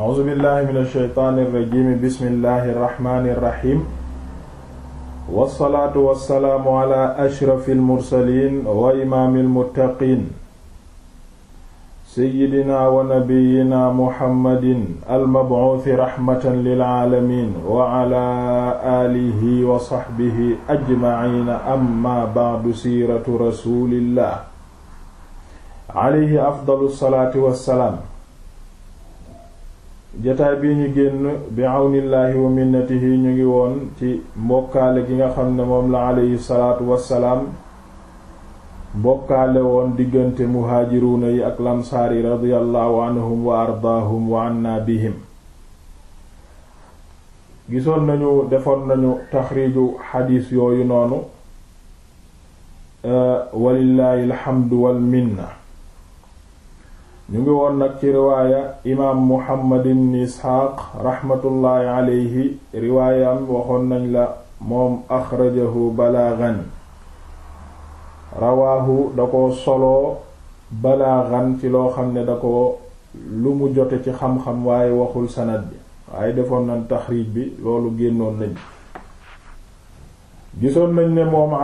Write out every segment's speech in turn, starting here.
a'uuzu billahi min ash-shaytaani irrajimi bismillahi irrahmani irrahim wassalaatu wassalaamu ala ashrafi almursalin wa imaami almuttaqiin seyyidina wa nabiyina muhammadin almabuuthi raxmatan lilaalamin wa ala aalihi wa saxbihi ajmaciina amma bacdu siiratu rasulillah alayhi afdalu salaati wassalaam jataay bii ñu génn bi àwnillaahi wa minnatihi ñu ngi woon ci mbokkaale gi nga xam ne moom la aleyhi salaatu wassalaam bokkaale woon diggante muhaajiruuna yi ak lamsaari radiyallahu anhum wa ardaahum wa anna bihim gisoon nañu defoon nañu taxriiju xadiis yooyu noonu eh, walillaahi alxamdu wal minna ñu ngi woon nag ci riwaaya imaam muhammad ibn isxaaq raxmatullaahi aleyhi riwaayam waxoon nañ la moom axrajahu balaagan rawaahu da ko soloo balaagan ci loo xam ne da ko lu mu jote ci xam-xam waaye waxul sanad bi waaye defoon nañ taxriij bi loolu génnoon nañ gisoon nañ ne moom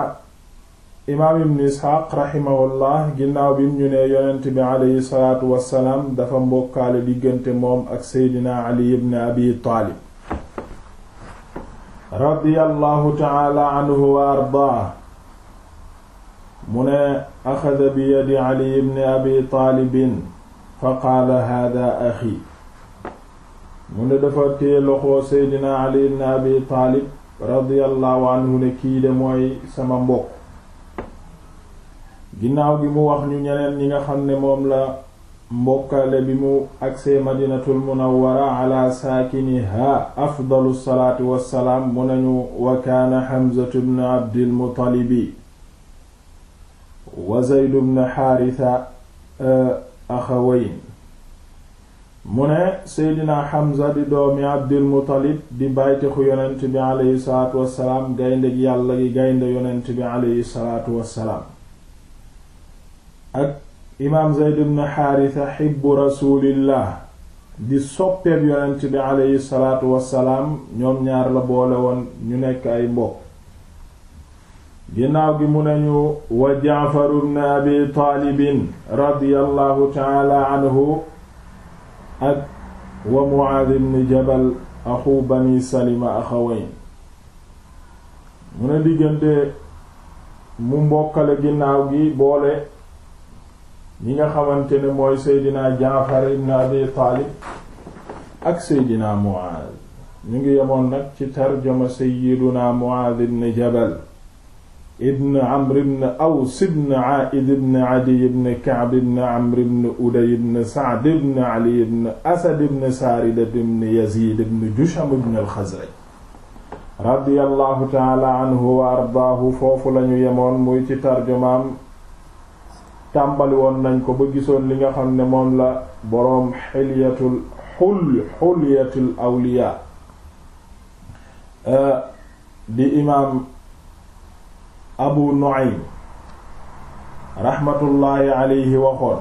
imaam ibn isxaaq raximahullah ginnaaw bi ñu ne yonent bi aleyhi salaatu wassalaam dafa mbokkaale diggante moom ak seydina ali ibn abi taalib radiyallahu taala anhu wa ardaa mu ne axada bi yadi ali ibn abi taalibin fa qaala hada axi mu ne dafa téye loxo seydina ali ibn abi taalib radiyallahu anhu ne kii de mooy sama mbokk ginnaaw gi mu wax ñu ñeneen ñi nga xam ne moom la mbokkale bi mu agsee madinatul munawwara wa saakiniha afdalu salaatu wassalaam mu nañu wa kaana xamzatu bnu abdil muttalibi wa zaydu bnu xaarisa eh, axawayn mu ne seydina xamza di doomi abdil muttalib di bàytixu yonent bi aleyhi salaatu wassalaam gaynde gi yàlla gi gaynde yonent bi aleyhi salaatu wassalaam ak imaam zeyd ibn xaarisa xibbu rasulillah di soppeeb yonent bi aleyhi salaatu wassalaam ñoom ñaar la boole woon ñu nekk ay mbokk ginnaaw gi mu nañu wa jaafaru ibn abi taalibin radiyallahu taala ak wa muaad ibn jabal axu bani salima axawayn mu ne diggante mu mbokkale ginnaaw gi boole ñi nga xamante ne mooy seydina jaafar ibn abi taalib ak seydina muaaz ñu ngi yemoon nag ci tarjama seydina muaaz ibn jabal ibn amr ibn aws ibn aaid ibn adi ibn ka'b ibn amr ibn uday ibn sa'd ibn ali ibn asad ibn saarida ibn yazid ibn jusham ibn al-khazraj radiyallahu ta'ala anhu wa ardaahu foofu lañu yemoon muy ci tarjumaam tàmbaliwoon nañ ko ba gisoon li nga xam ne moom la boroom xilyatul xul xulyatul awliya euh, di imaam abu nu'aym raxmatullaahi alayhi waxoon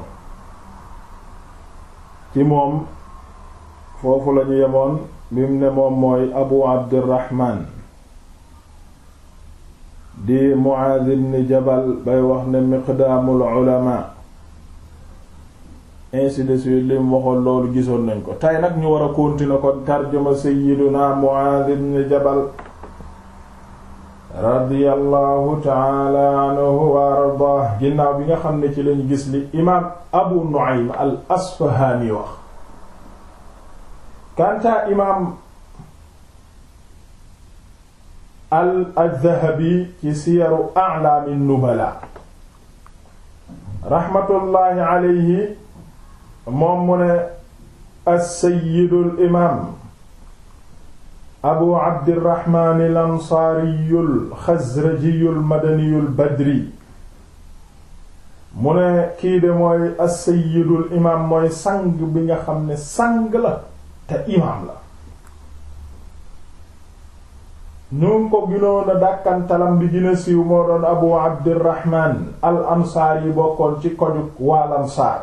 ci moom foofu lañu yemoon bim ne moom mooy abu abdirahman di Muaaz ibn Jabal bay wax ne miqdaamul ulamaa ainsi de lim waxoon loolu gisoon nañ ko tey nag ñu war a continuer kon tarjuma sayyiduna Muaaz ibn Jabal radiyallahu taala anhu wa ardaah ginnaaw bi nga xam ne ci lañ gis li imaam Abu Nu'aym al Asfahaani wax kanta imaam al addahabi ci siyaru alaami nubala raxmatullaahi aleyhi moom mu ne assayidul imaam abu abdirahmaan al ansaariyul xasrajiyul madaniyul badri mu ne kii de mooy assayidul imaam mooy sang bi nga xam ne sang la te imaam la ñu ngi ko ginoon a dàkkantalam bi gën a moo doon abu abdirahman al ansaar yi bokkoon ci kojuk waal ansaar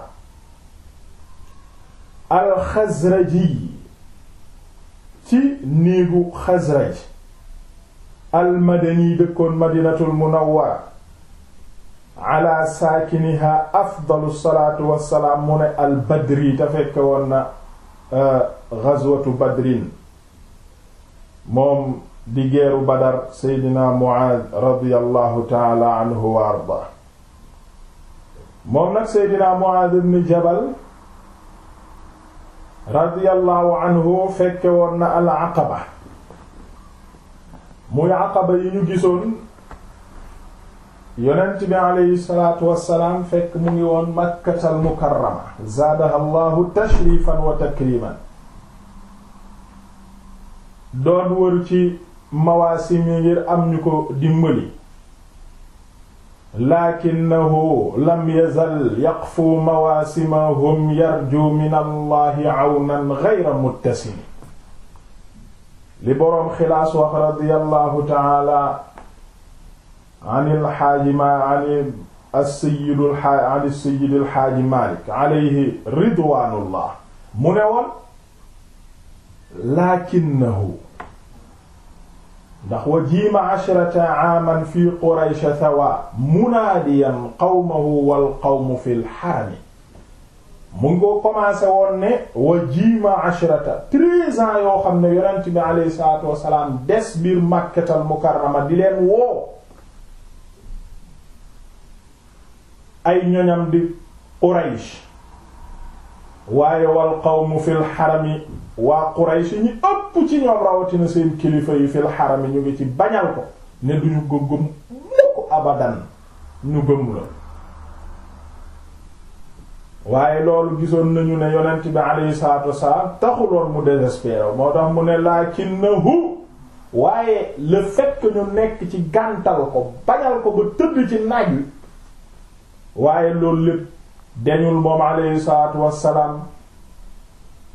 al xazraji ci néegu xazraj al madani dëkkoon madinatul munawwara ala saakiniha afdalu salaatu wassalaam mu ne al badri te fekke woon na euh, gazwatu badrin moom di geeru badar seydina muaaz radiyallahu taala anhu wa arda moom nag seydina muaaz ibn jabal radiyallahu anhu fekke woon na al aqaba muy aqaba yi ñu gisoon yonent bi aleyhi salaatu wassalaam fekk mu ngi woon makkatal mukarrama zaadaha allahu tashrifan wa takriman doon wër ci mawaasim yi ngir am ñu ko dimbali lakinnahu lam yazal yaqfu mawaasimahum yarju min allahi awnan ghayra muttasil li boroom xilaas wax radiyallahu taala an alxaaji ma an as-sayyidul an as-sayyidil xaaji Maalik alayhi ridwaanullah mu ne woon lakinnahu ndax wa jiima ashrata aaman fi quraysha sawa munaadiyan qawmahu wal qawmu fil harami mu ngi ko commencé woon ne wa jiima ashrata treize ans yoo xam ne yonent bi alayhi salaatu wassalaam des bir màkkatal mukarrama di leen woo ay ñoñam di quraysh waaye wal qawmu fil harami waa Quraysh ñi ëpp ci ñoom rawatina seen kilifa yi fil xarami ñu ngi ci bañal ko ne duñu ko gëm mukk abadan ñu gëm la waaye loolu gisoon nañu ne yonent bi alayhi salatu wassalam taxuloon mu désespéré moo tax mu ne lakinnahu waaye le fait ñu nekk ci gàntal ko bañal ko ba tëdd ci nag wi waaye loolu lépp dañul moom alayhi salatu wassalam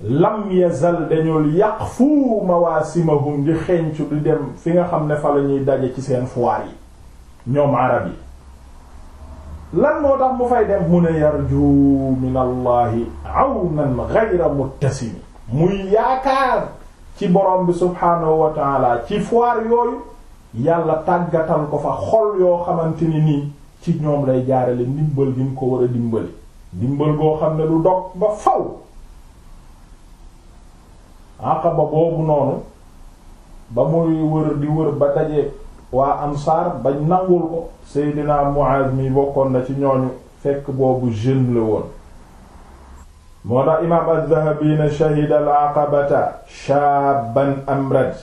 lam yazal dañul yaqfu mawaasimahum di xencu di dem fi nga xam ne fa la ñuy daje ci seen foire yi ñoom arab yi lan moo tax mu fay dem mu ne yarju min allahi awnan ghayra muttasimi muy yaakaar ci borom bi subhaanahu wa ci foire yooyu yàlla tàggatal ko fa xol yoo xamante ni nii ci ñoom lay jaarale ndimbal gi mu ko war a dimbali dimbal goo xam ne du dog ba faw Aqaba boobu noonu ba muy wër di wër ba daje waa Ansaar bañ nangul ko Seydina Muaz mi bokkoon na ci ñooñu fekk boobu jeune la woon moo tax imaam az-Zahabi ne shahida al-Aqabata shaaban amrad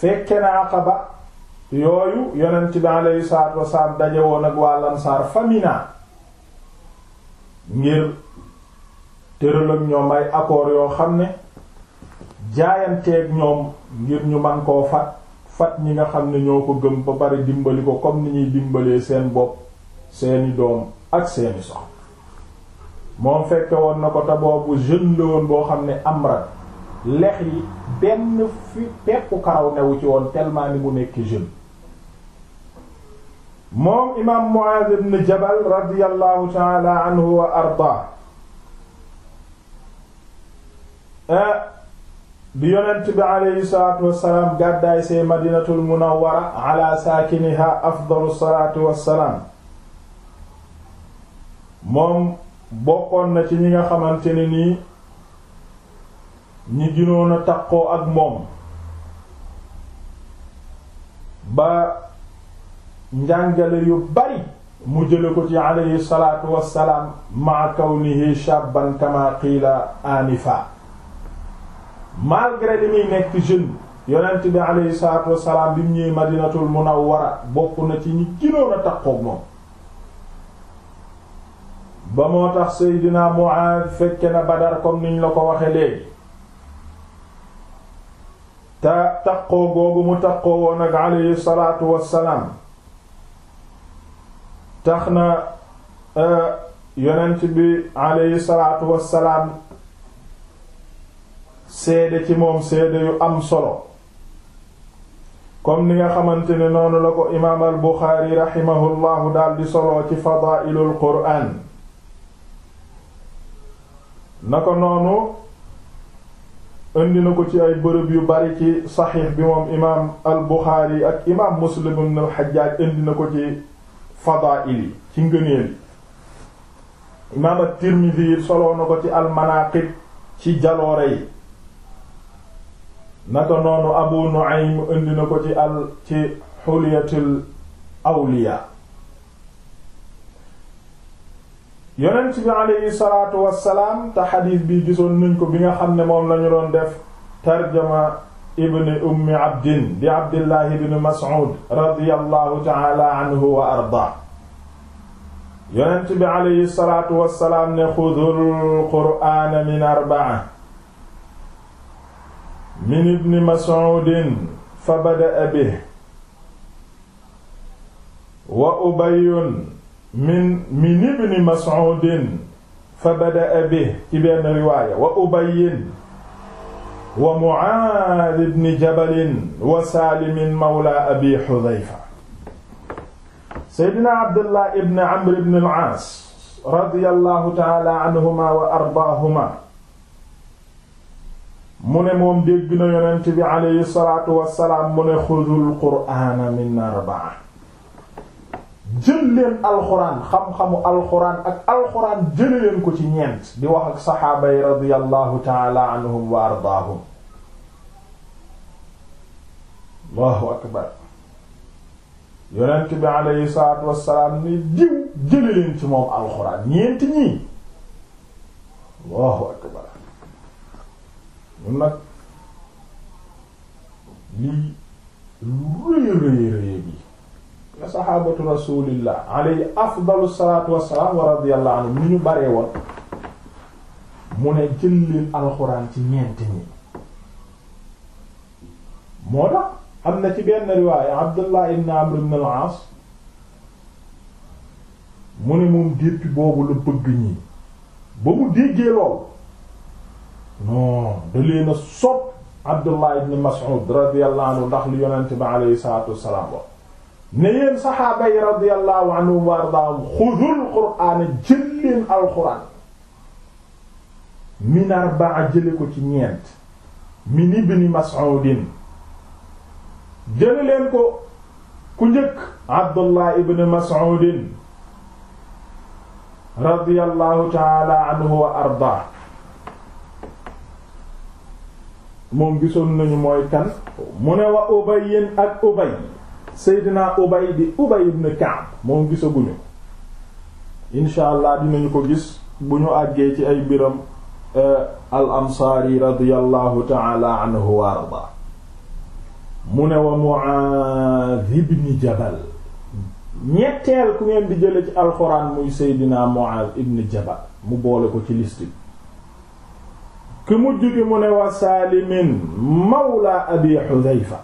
fekke na Aqaba yooyu yonent bi alayhi salaatu wasalaam daje woon ak waa Ansaar famina ngir tëral ak ñoom ay yoo xam ne jaayanteeg ñoom ngir ñu man koo fat fat ñi nga xam ne ñoo ko gëm ba bari dimbali ko comme ni ñuy dimbalee seen bopp seeni doom ak seeni sox moom fekke woon na ko te boobu jeune la boo xam ne amra lex yi benn fi peppu karaw newu ci woon tellement bu mu nekk jeune moom imaam Muaaz ibn Jabal radiyallahu ta'ala anhu ardaa eh, bi yonent bi aleyhi salaatu wassalaam gàddaay see madinatul munawwara ala saakiniha afdalu salaatu wassalaam moom bokkoon na ci ñi nga xamante ne nii ñi ginoon takkoo ak moom ba njàngale yu bari mu jële ko ci aleyhi salaatu wassalaam maa kawnihi shabban kama qiila anifa malgré li muy nekk jeune yonent bi alayhi salaatu wassalaam bi mu ñëwee madinatul munawwara bokk na ci ñi gënoon a takkook moom ba moo tax Seydina Muaad fekke na Badar comme niñ la ko waxe léegi te takkoo googu mu takkoo woon ak alayhi salaatu wassalaam tax na euh, yonent bi alayhi salaatu wassalaam seede ci moom seede yu am solo comme ni nga xamante ne noonu la ko imaam al buxaari raximahullahu daldi solo ci fadaa'ilul qur'aan na ko noonu indi na ko ci ay bërëb yu bari ci saxiix bi moom imaam al buxaari ak imaam muslim ibn al indi na ko ci fadaa'il yi ci ngëneel imaam at tirmidi solo na ko ci al manaaqib ci jaloore yi naka abu nu'aym indi na ko ci al ci xulyatul awliya yonent bi aleyhi salaatu wassalaam te xadiis bi gisoon nañ ko bi nga xam ne moom lañu doon def tarjama ibni ummi abdin di abdillahi ibni mas'ud radiyallahu ta'ala anhu wa arda yonent bi aleyhi salaatu wassalaam ne xudul qur'aana min arba'a min ibni mas'uudin fa bada'a bihi wa ubayyun min min ibni mas'uudin fa bada'a bihi ci benn riwaaya wa ubayyin wa mu'aad ibni jabalin wa saalimin mawla abi xudayfa seydina abdullah ibni amr ibni al-aas radiyallahu ta'ala anhuma wa ardaahuma mu ne moom dégg na yonent bi aleyhi salaatu wassalaam mu ne xudul qur'aana min arba'a jël leen alxuraan xam-xamu alxuraan ak alxuraan jële leen ko ci ñeent di wax ak saxaaba yi radiyallahu taala anhum wa ardaahum allahu akbar yonent bi aleyhi salaatu wassalaam ni diw jële leen ci moom alxuraan ñeent ñii allahu akbar ñun nag lii lu rëy rëy rëy bi la saxaabatu rasulillah alayhi afdalu salaatu wassalaam wa radiyallahu anhum ni ñu baree woon mu ne jël leen alxuraan ci ñeenti ñi moo tax am na ci benn riwaaya Abdullah ibn Amr ibn al mu ne moom déppi boobu la bëgg ñii ba mu déggee lool non da leen a sopp Abdullah ibn Mas'ud radiyallahu anhu ndax li yonent bi alayhi salaatu wassalaam wax ne yéen saxaaba yi radiyallahu anhum wa ardaahum xudul qur'aana jël leen alxuraan min arba'a jële ko ci ñeent min ibn Mas'udin jële leen ko ku njëkk Abdullah ibn Mas'udin radiyallahu ta'ala anhu wa ardaah moom gisoon nañu mooy kan mu ne wa Ubay ak Ubay Seydina Ubay di Ubay ibn Ka'b moom gisaguñu incha allah dinañu ko gis bu ñu àggee ci ay mbiram eh, al ansaari radiyallahu ta'ala anhu wa arda mu ne wa Mu'adh ibn Jabal ñetteel ku ngeen di jële ci alxuraan muy Seydina Mu'adh ibn Jabal mu boole ko ci liste bi ki mujj gi mu ne wa saalimin mawla abi xudayfa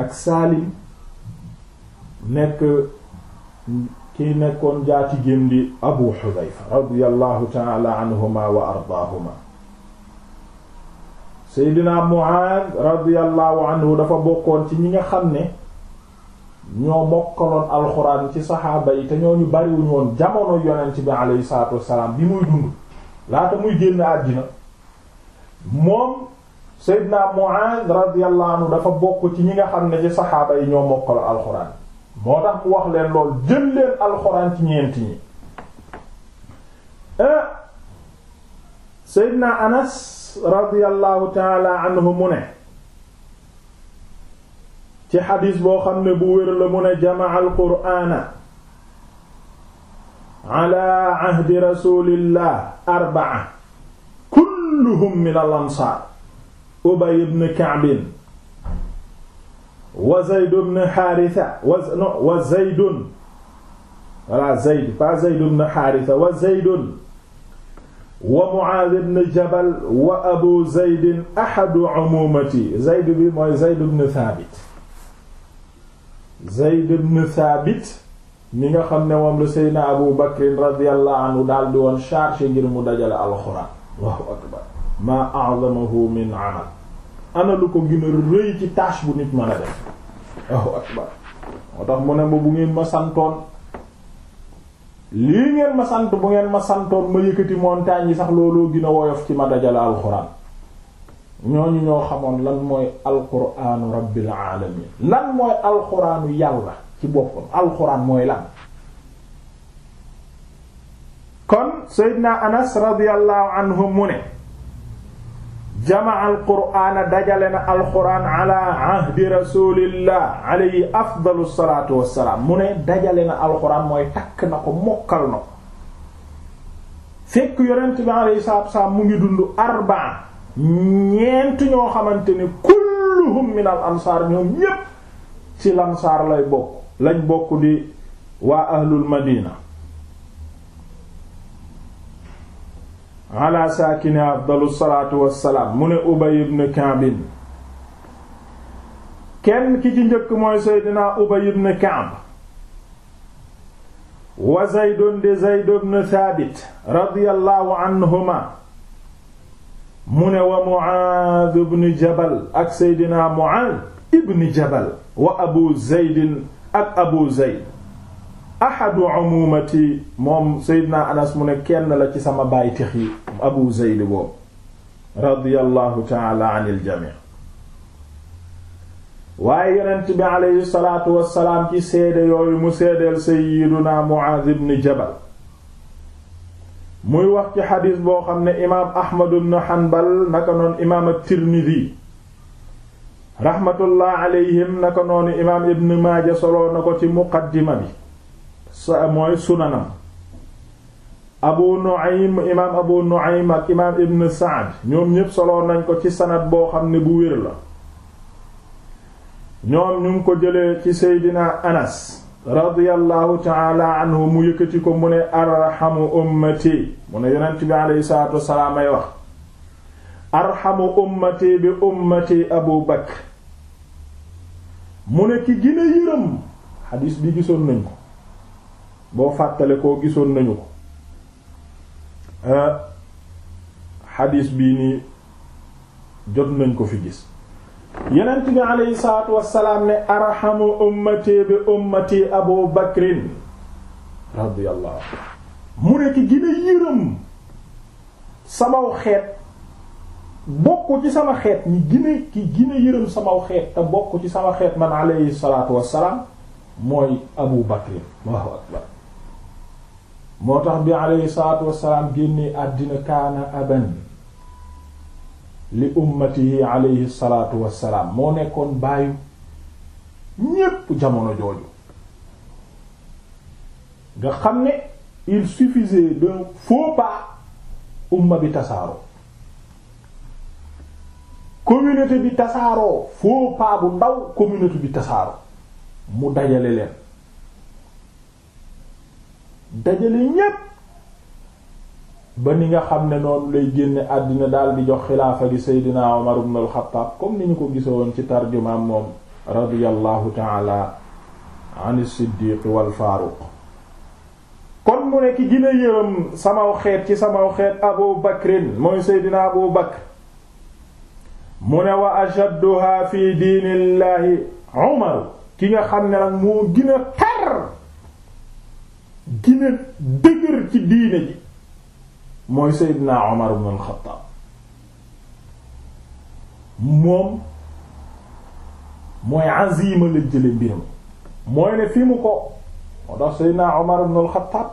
ak saalim nekk kiy nekkoon jaati gém di abu xudayfa radiallahu taala anhuma wa ardaahuma seydina muaad radiallahu anhu dafa bokkoon ci ñi nga xam ne ñoo mokkaloon alxuraan ci saxaaba yi te ñoo ñu bariwuñoon jamono yonent bi aleyhi salaatu wassalaam bi muy dund laata muy génn àddina moom Seydina Mu'aaz radiyallahu dafa bokk ci ñi nga xam ne ci saxaaba yi ñoo mokkal alxuraan moo tax mu wax leen lool jël leen alxuraan ci ñeenti ñi eh, Seydina Anas radiyallahu taala anhu mu ne ci xadiis boo xam ne bu wér la mu ne jamaa alqur'aana ala ahdi rasulillah arba'a kulluhum min al ansaar ubay ibn ka'b wa zayd ibn haritha wa zaydun wala zayd pas zayd ibn haritha wa zaydun wa muaaz ibn jabal wa abu zaydin ahadu umumati zayd bi mooy zayd ibn thabit zayd ibn thabit mi nga xam ne moom la seydna abu bakrin radiyallahu anhu daal di woon chargé ngir mu dajale alxuraan Allahu akbar maa a'zamahu min amal ana lu ko gën a rëy ci tâche bu nit mën a def akbar moo tax mu ne ma bu ngeen ma santoon lii ngeen ma sant bu ngeen ma santoon ma yëkkati montagne yi sax looloo gën a woyof ci ma dajale alxuraan ñooñu ñoo xamoon lan mooy alxuraanu rabbil alamin lan mooy alxuraanu yàlla ci boppam alxuraan mooy lan kon Seydina Anas radiyallahu anhu mu ne jamaa alqur'aana dajale na alqur'aan ala ahdi rasulillah alayhi afdalu salaatu wassalaam mu ne dajale na alqur'aan mooy takk na ko mokkal na ko fekk yonent bi alayhi salaatu wassalaam mu ngi dund arbaa ñeent ñoo xamante ni kulluhum min al ansaar ñoom ñépp ci lansaar lay bokk di waa ahlul madina ala saakini afdalu salaatu wassalaam mu ne ubay ibn kaabin kenn ki ci njëkk mooy seydina ubay ibn kaab wa zaydun di zayd ibn thaabit radiyallahu anhuma mu ne wa muaad ibn jabal ak seydina muaad ibn jabal wa abu zaydin ak abu zayd ahadu umumati moom seydina anas mu ne kenn la ci sama baay tix yi abu zeyd boobu radiyallahu taala waaye yonent bi aleyhi salaatu seede yooyu mu seedeel jabal muy wax ci xadiis boo xam ne imaam ahmad ibn hanbal naka noon imaam at-tirmidhi raxmatullah aleyhim naka noonu imaam ibn maaja soloo na ko ci muqaddima bi sa mooy sunanam abu nu'aym imaam abu nu'aym ak imaam ibn saad ñoom ñépp soloon nañ ko ci sanad boo xam ne bu wér la ñoom ñu ngi ko jële ci seydina anas radiyallahu taala mu yëkkati ko mu ne arhamu ummati mu ne yonent bi aleyhi salaatu wasalaam ay wax arhamu ummati bi ummati abu bakr mu ne ki gën yërëm xadiis bi gisoon nañu ko boo fàttale koo gisoon nañu ko Euh, xadiis bii nii jot nañ ko fi gis yonent bi aleyhi salaatu wassalaam ne arhamu ummati bi ummati abu bakrin radiyallahu mu ne ki gën yërëm samaw xeet bokk ci sama xeet ñi gën a ki gën yërëm samaw xeet te bokk ci sama xeet man aleyhi salaatu wassalaam mooy abu bakrin waaw akbar moo tax bi aleyhi salaatu wassalaam génnee àddina kaana aban li ummatihi aleyhi salaatu wassalaam moo nekkoon bàyyi ñépp jamono jooju nga xam ne il suffisait d'un faux pas umma bi tasaaroo communauté bi tasaaroo faux pas bu ndaw communauté bi tasaaroo mu dajale leen dajale ñépp ba ni nga xam ne noonu lay génne àddina daal di jox xilaafa gi seydina Umar ibn al-Khattab comme ni ñu ko gisoon ci tarjumaam moom radiyallahu taala an as-Siddiq wal Faaruq mu ne ki gën a samaw xeet ci samaw xeet Abu Bakrin mooy seydina Abu Bakr mu ne wa ashadduha fi diinillahi Umar ki nga xam ne nag moo gën tar gina dëgër ci diine ji mooy Seydina Omar ibn al moom mooy azima la jële mbir mi mooy ne fi mu ko moo tax Seydina Omar ibn al-Khattab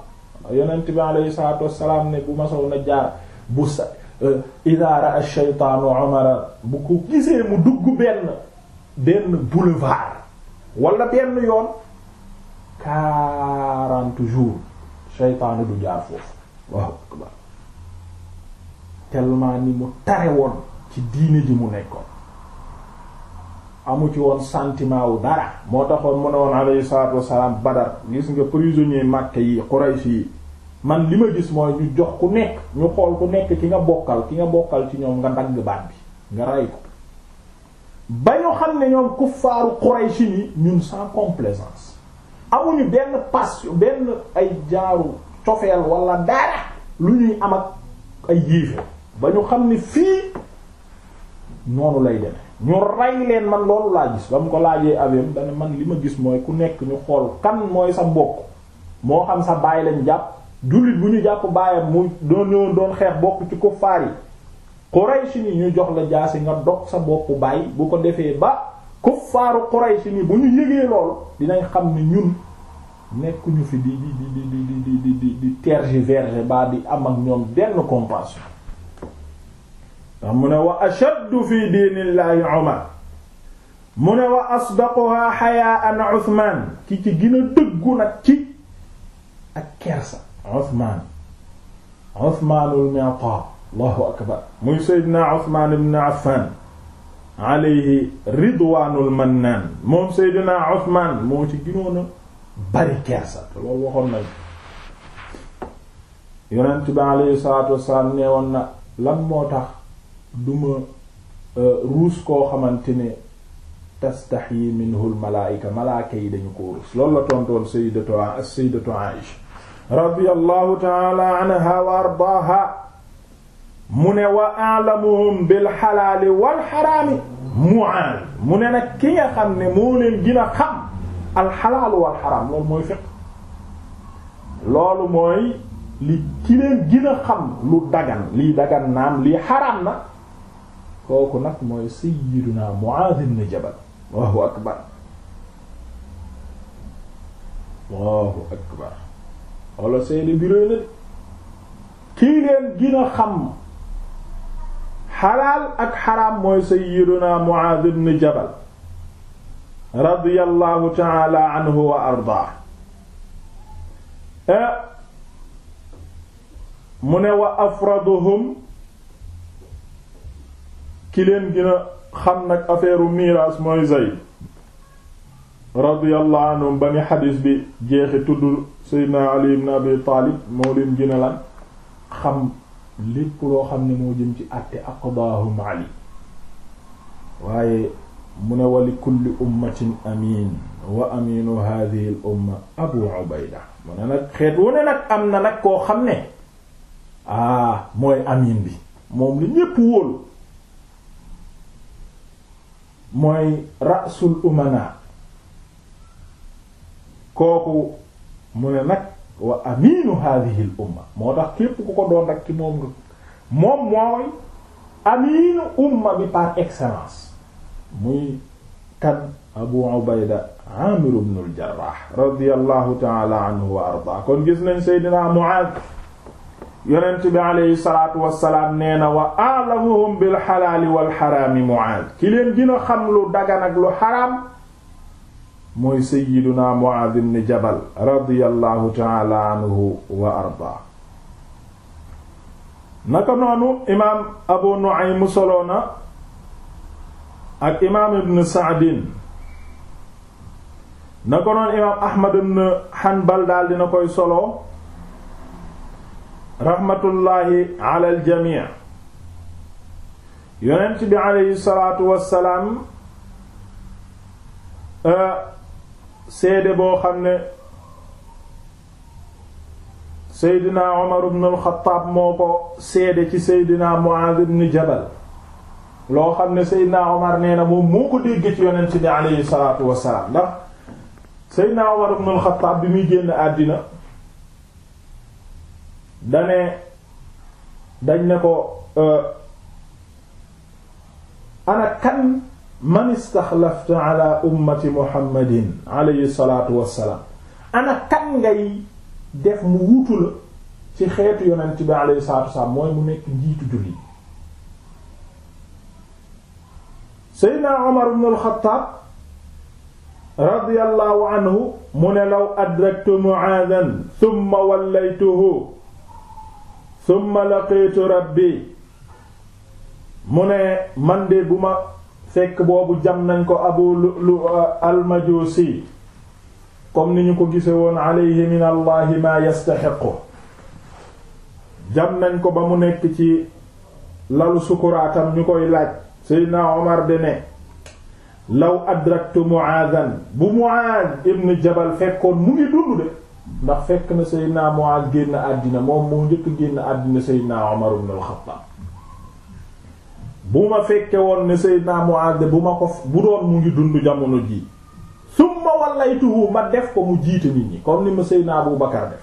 bi alayhi salaatu wassalaam ne bu masow na bu sa euh, idaara ash-shaytaanu Omar bu ko gisee mu dugg benn benn boulevard wala benn yoon quarante jours seytaane du jaar foofu waaw akbar tellement ni mu tare woon ci diine ji mu nekkoon amu ci woon sentiment wu dara moo taxoon mu ne woon alayhi salaatu Badar gis nga prisonnier Makka yi Quraysh yi man li ma gis mooy ñu jox ku nekk ñu xool ku nekk ki nga bokkal ki nga bokkal ci ñoom nga dagg baat bi nga rey ko ba ñu xam ne ñoom kuffaaru Quraysh yi ñun sans complaisance amuñu benn passion benn ay jaaru cofeel wala dara lu ñuy am ak ay yéefee ba ñu xam ni fii noonu lay deme ñu rey leen man loolu laa gis ba mu ko laajee abeem dana man li ma gis mooy ku nekk ñu xool kan mooy sa mbokk moo xam sa baay lañ jàpp jullit bu ñu jàpp baayam mu doon doon xeex bokk ci ko faar yi Quraysh ni ñu jox la jaasi nga dog sa bokk baay bu ko defee ba kuffaaru Quraysh ni bu ñu yëgee loolu dinañ xam ne ñun nekkuñu fi di di di di di di di di tergiverser ba di am ak ñoom benn compassion ndax mu ne wa ashaddu fi diinillaahi Umar mu ne wa asdaquha ki ci gën a dëggu nag ci ak kersa Usmaan Usmaanul Mi'taa akbar muy Seydina Usmaan ibn Affaan alayhi ridwaanul mannaan moom Seydina Usmaan moo ci ginoona bari kersa te loolu waxoon nañ yonent bi alayhi salaatu wassalaam nee woon na lan moo tax duma euh, ruus koo xamante ne tastaxyi minhu lmalaayika malaaka yi dañu ko ruus loolu la tontoon sayyidatu sayyidatu Aïsha radiyallahu ta'ala anha wa ardaaha mu ne wa a'lamuhum bil xalaali wal xaraami Mu'aaz mu ne nag ki nga xam ne moo leen gën a xam alxalaalu wal xaraam loolu mooy fiqh loolu mooy li ki leen gën a xam lu dagan lii dagan naam lii xaraam na kooku nag mooy sayyiduna Mu'aaz ibn Jabal Allahu akbar Allahu akbar wala seede bi réy na kii leen gën a xam xalaal ak xaraam mooy sayyiduna Muaaz ibn Jabal radiyallahu ta'ala anhu wa ardaa eh, mu ne wa afraduhum ki leen gën a xam nag affaire u miraas mooy Zayd radiyallahu anhum ba ni xadiis bi jeexi tudd Seydina Ali ibn Abi Taalib moo leen gën a lan xam lépp loo xam ne moo jëm ci àtte aqdaahum ali waaye mu ne wali kulli ummatin amin wa aminu hadhihi al abu ubayda mu ne nag xeet wu ne nag am na nag koo xam ne ah mooy amin bi moom li ñépp wóolu mooy rasul umana kooku mu ne nag wa aminu hadhihi al umma moo tax képp ku ko doon rek ci moom nga moom mooy aminu umma bi par excellence muy kan abu ubayda amir ibn al jarrah radiyallahu ta'ala anhu wa arda kon gis nañ seydina mu'adh yonent bi alayhi salaatu wassalaam nee na wa a'lamuhum bil xalaali wal xaraami mu'adh ki leen gën a xam lu dagan ak lu xaraam mooy sayyiduna Mu'aaz ibn Jabal radiyallahu ta'ala anhu wa ardaa naka noonu imaam Abu Nu'aym soloona ak imaam ibn Sa'din naka noonu imaam Ahmad ibn Hanbal daal dina koy solo raxmatullaahi ala al jamii yonent bi aleyhi salaatu wassalaam seede boo xam ne seydina Umar ibn al moo ko seede ci seydina Mu'adh ibn Jabal loo xam ne seydina Umar nee na moom moo ko dégg ci yonent bi aleyhi salaatu wassalaam ndax seydina Umar ibn al bi muy génn àddina dane dañ ne ko euh, ana man istaxlafta ala ummati muhammadin alayhi salaatu wassalaam ana kan ngay def mu wutu la ci xeetu yonent bi alayhi salaatu wassalaam mooy mu nekk njiitu julli seydna omar bnu alxataab radiyallahu anhu mu ne law adraktu muaadan summa wallaytuhu summa laqiitu rabbi mu ne man de bu ma fekk boobu jam nañ ko abu lu almajusi comme ni ñu ko gise woon alayhi min allahi ma yastaxiqu jam nañ ko ba mu nekk ci lalu sukuraatam ñu koy laaj seydna omar de ne law adraktu muaadan bu muaad ibn jabal fekkoon mu ngi dund de ndax fekk na seydna muaad génn àddina moom moo njëkk génn àddina seydna omar ibn al bu ma fekkee woon ne Seydina de bu ma ko bu doon mu ngi dund jamono jii summa wallaytuhu ma def ko mu jiite nit ñi comme ni ma Seydina Abu Bakar def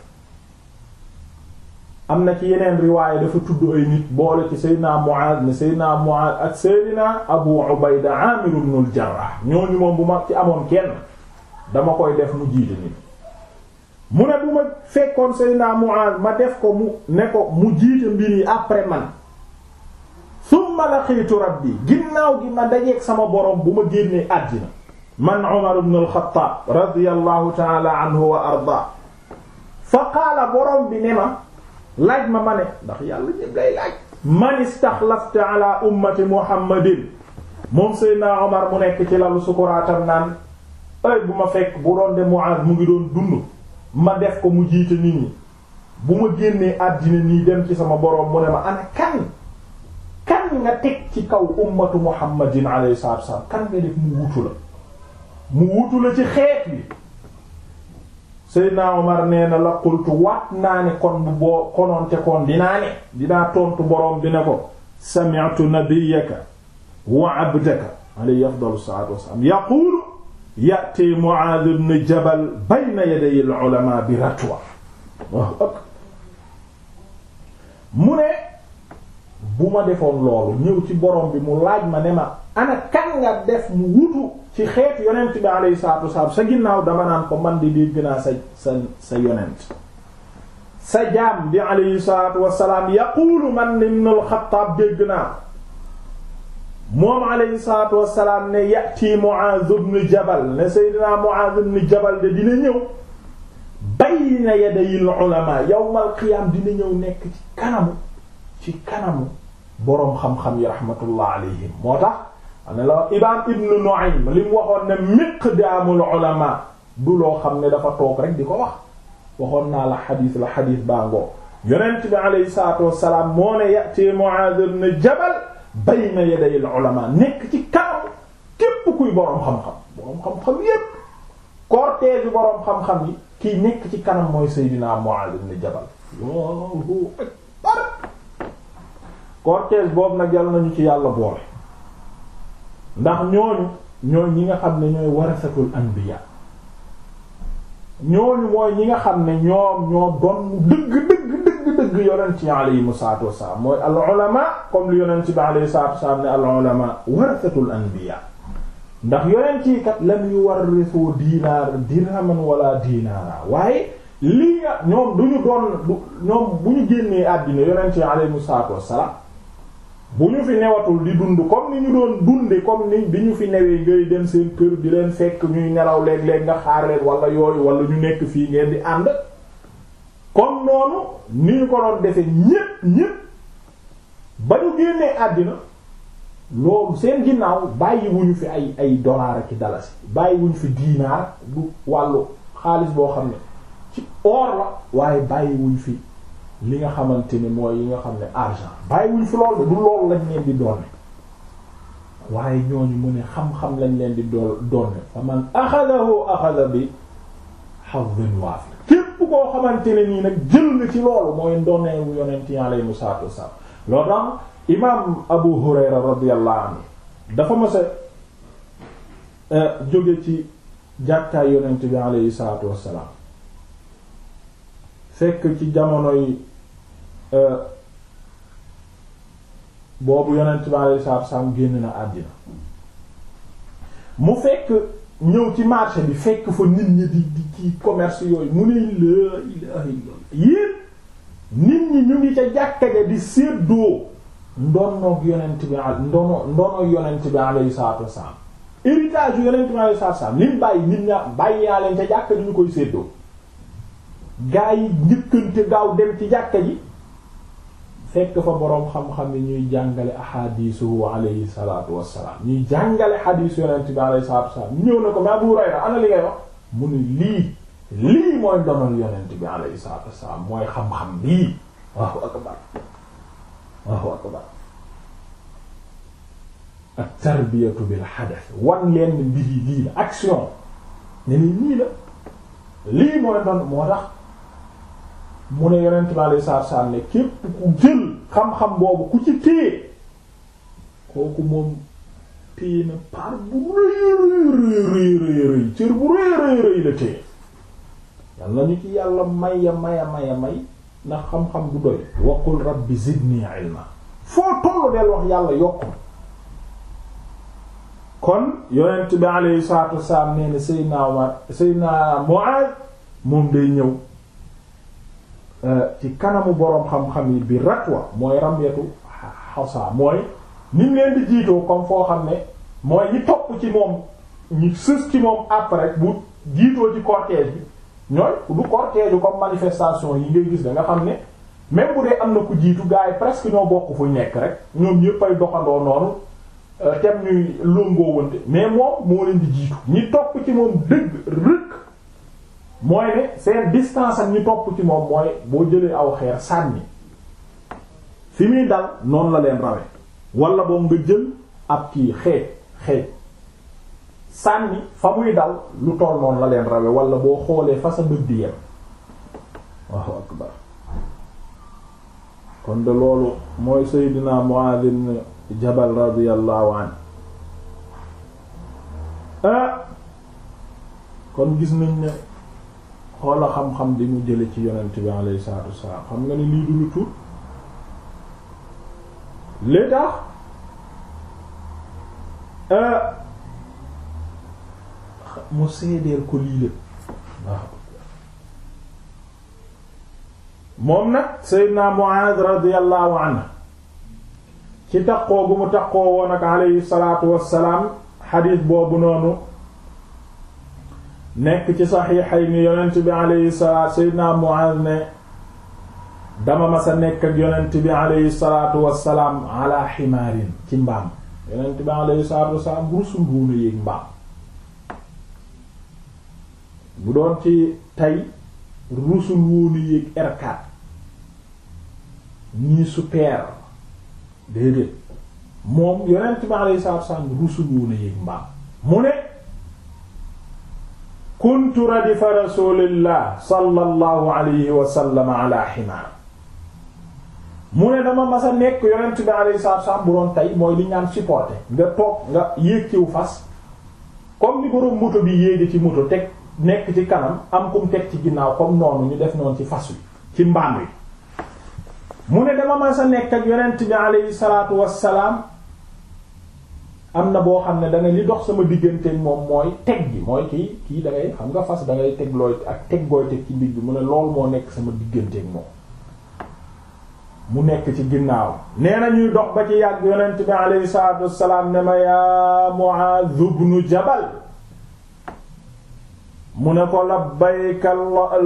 am na ci yeneen riwaaya dafa tudd ay nit boole ci Seydina Muaaz ne Seydina Muaaz ak Seydina Abu Ubayda Aamir ibn al-Jarrah ñooñu moom bu ma ci amoon kenn dama koy def mu jiite nit ñi mu ne bu ma fekkoon Seydina Muaaz ma def ko mu ne ko mu jiite mbir yi après man summa laqiitu rabbi ginnaaw gi ma dajeeg sama borom bu ma génnee àddina man Umar ibn al-Khattab radiyallahu ma laaj ma ma ne ndax yàlla ñépp lay man istaxlafta ala ummati muhammadin moom Seydina Omar mu nekk ci lalu sukuraatam naan ay bu ma fekk bu doon de Muaz mu ngi doon dund ma def ko mu jiite nit ñi bu ma génnee àddina nii dem ci sama borom mu ne ma ana kan kan nga teg ci kaw ummatu muhammadin alayhi salaatu wa salaam kan nga def mu wutu la mu wutu la ci xeet bi Seydina Omar nee na la qultu waat naa ne kon bu boo konoonte kon dinaa ne dinaa tontu boroom bi ne ko sami'tu nabiyyaka wa abdaka alayhi afdalu salaatu wa salaam yaquulu ya'ti Mu'aaz ibn Jabal bayna yaday al-ulamaa bi ratwa mu ne bu ma defoon loolu ñëw ci borom bi mu laaj ma ne ma ana kan nga def mu wutu ci xeet yonent bi alayhi salaatu wasalaam sa ginnaaw dama naan ko man di dégg naa sa sa yonent sa jaam bi alayhi salaatu wasalaam yaquulu man ibnul Xattaab dégg naa moom alayhi salaatu wasalaam ne yati Muaaz ibn Jabal ne Seydina Muaaz ibn Jabal de dina ñëw bayna yadayil ulamaa yawmal qiyaam dina ñëw nekk ci kanamu ci kanamu boroom xam-xam yi rahmatullah alayhim moo tax ane la imaam ibnu Nu'aym li mu waxoon ne miqdaamul ulama du loo xam ne dafa toog rek di ko wax waxoon naa la xadiis la xadiis baa ngoo yonent bi alayhi salaatu wassalaam moo ne ya'ti Mu'aaz ibn Jabal bayna yaday al ulama nekk ci kaaw képp kuy boroom xam-xam boroom xam-xam yépp cortège boroom xam-xam yi kiy nekk ci kanam mooy Seydina Mu'aaz ibn Jabal Allahu akbar cortège boobu nag yàlla nañu ci yàlla boole ndax ñooñu ñooñu ñi nga xam ne ñooy warasatul anbiya ñooñu mooy ñi nga xam ne ñoom ñoo doon dëgg dëgg dëgg dëgg yonent yi alayhimu salaatu wassalaam mooy al ulama comme li yonent bi alayhi salaatu wassalaam ne al ulama warasatul anbiya ndax yonent yi kat lam yuwarrisu dinaar dirhaman wala dinaara waaye lii nga ñoom du ñu ñoom bu génnee àddina yonent yi alayhimu salaatu wassalaam bu ñu fi newatul di dund comme ni ñu doon dunde comme ni bi ñu fi newee ngay dem seen kër di leen fekk ñuy nelaw léeg-léeg nga xaar leen wala yooyu wala ñu nekk fii ngeen di ànd comme noonu ni ñu ko doon defe ñépp ñépp ba ñu génnee àddina loolu seen ginnaaw bàyyi fi ay ay dollar ak dalasi bàyyi fi diinaar du wàllu xaalis boo xam ne ci or la waaye bàyyi wuñu fi li nga xamante ni mooy yi nga xam ne argent bàyyiwuñ fi lool du lool lañ leen di doon waaye ñooñu mu ne xam-xam lañ leen di dool doonne fa man axadahu axada bi xadin waafir képp koo xamante ne nii nag jël nga ci loolu mooy ndooneewu yonent yi alayhi salaatu wassalaam loolu tax imaam Abu Hurayra radiyallahu anhu dafa mas a euh, jóge ci jàkkaay yonent bi alayhi salaatu wassalaam fekk ci jamonoy e, boobu yonent bi alei salatu salaam génn na àddina mu fekk ñëw ci marché bi fekk fa nit ñi di di ci commerce yooyu mu ne laa ilaha illallah nit ñi ñu ngi ca jàkka di séddoo ndonoog yonent bi ndono ndono yonent bi alayhi salatu wassalam héritage yu yonent bi alayhi salatu wassalam lim bàyyi nit ña bàyyi yaa ca jàkka ñu koy séddoo gaa yi njëkkante gaaw dem ci jàkka ji fekk fa boroom xam-xam ni ñuy jàngale ahadisu alayhi salatu wasalaam ñuy jàngale xadiis yonent bi alayhi salatu wasalaam ñëw na ko mais Abu Hurayra ana li ngay wax mu ni lii lii mooy donal yonent bi alayhi salatu wasalaam mooy xam-xam bii waaw akbar waaw akbar ak tarbiyatu bil hadath wan leen mbir lii la action ne ni nii la lii mooy doon moo tax mu ne yonent bi alei saatu ne képp ku jël xam-xam boobu ku ci téye kooku moom téye na par bu rëy rëy rëy cër bu rëy rëy la téye yàlla ñu ci yàlla maya maya maya may ndax xam-xam bu doy waqul rabbi zidni ilma foo tollu del wax yàlla yokk kon yonent bi aleyhi salatu wasalaam nee na Seydina Omar Seydina Muaad moom day ñëw Euh, ci kanamu boroom xam-xam yi bi ratwa mooy xaw xasa mooy niñ leen di jiitoo comme foo xam ne mooy ñi topp ci moom ñu sës ci moom après bu jiitoo ci cortège bi ñooy du cortège bi comme manifestation yi ngay gis da nga xam ne même bu dee am na ku jiitu gars yi presque ñoo bokk fu nekk rek ñoom ñëpp ay doxandoo noonu euh, tem ñuy lóngoowante mais moom moo leen di jiitu ñi topp ci moom dëgg rëkk mooy ne seen distance ak ñu topp ci moom mooy boo jëlee aw xeer sànni fi muy dal noonu la leen rawe wala boo nga jël ab kii xeej xeej sànni fa muy dal lu toll wala boo xoolee fa sa bët di yem waaw akbar kon de loolu mooy Seydina Muaaz ibn Jabal radiyallahu anhu ah. kon gis nañ ne xoola xam-xam bi mu jële ci yonent bi alayhi salaatu wassalaam xam nga ni lii du lu tuut li tax euh, mu seedeel ko lii lépp waaw moom nag Seydina Muaaz radiyallahu anhu ci taqoo bu mu taqoo woon ak alayhi salaatu wassalaam xadiis boobu noonu nekk ci saxiixay ni yonent bi alayhi salaatu seydina Muaaz ne dama mas a nekk ak yonent bi alayhi salaatu wassalaam ala ximaarin ci mbaam yonent bi alayhi salaatu wassalaam rusul ci tey rusul woonu yéeg mbaam mu ne kuntu radifa rasulillah sallallahu alayhi wa sallam ala himar mu ne dama mas a nekk yonent bi alayhi salaatu salaam bu doon tey mooy li ñaan supporté nga toog nga yéeg ciw fas comme ni borom moto bi yéegi ci moto teg nekk ci kanam am kum teg ci ginnaaw comme noonu ñu def noonu ci fas wi ci mbaam wi mu ne dama mas a nekk ak yonent bi alayhi salaatu wassalaam am na boo xam ne da li dox sama diggante moom mooy teg gi mooy kii kii da ngay xam nga fas da ngay teg looy ak teg gooy teg ci ndig bi mu ne lool moo nekk sama diggante moom mu nekk ci ginnaaw nee na ñuy dox ba ci yàgg yonent bi alayhi salaatu wassalaam ne ma yaa Mu'aaz ibnu Jabal mu ne ko labbayka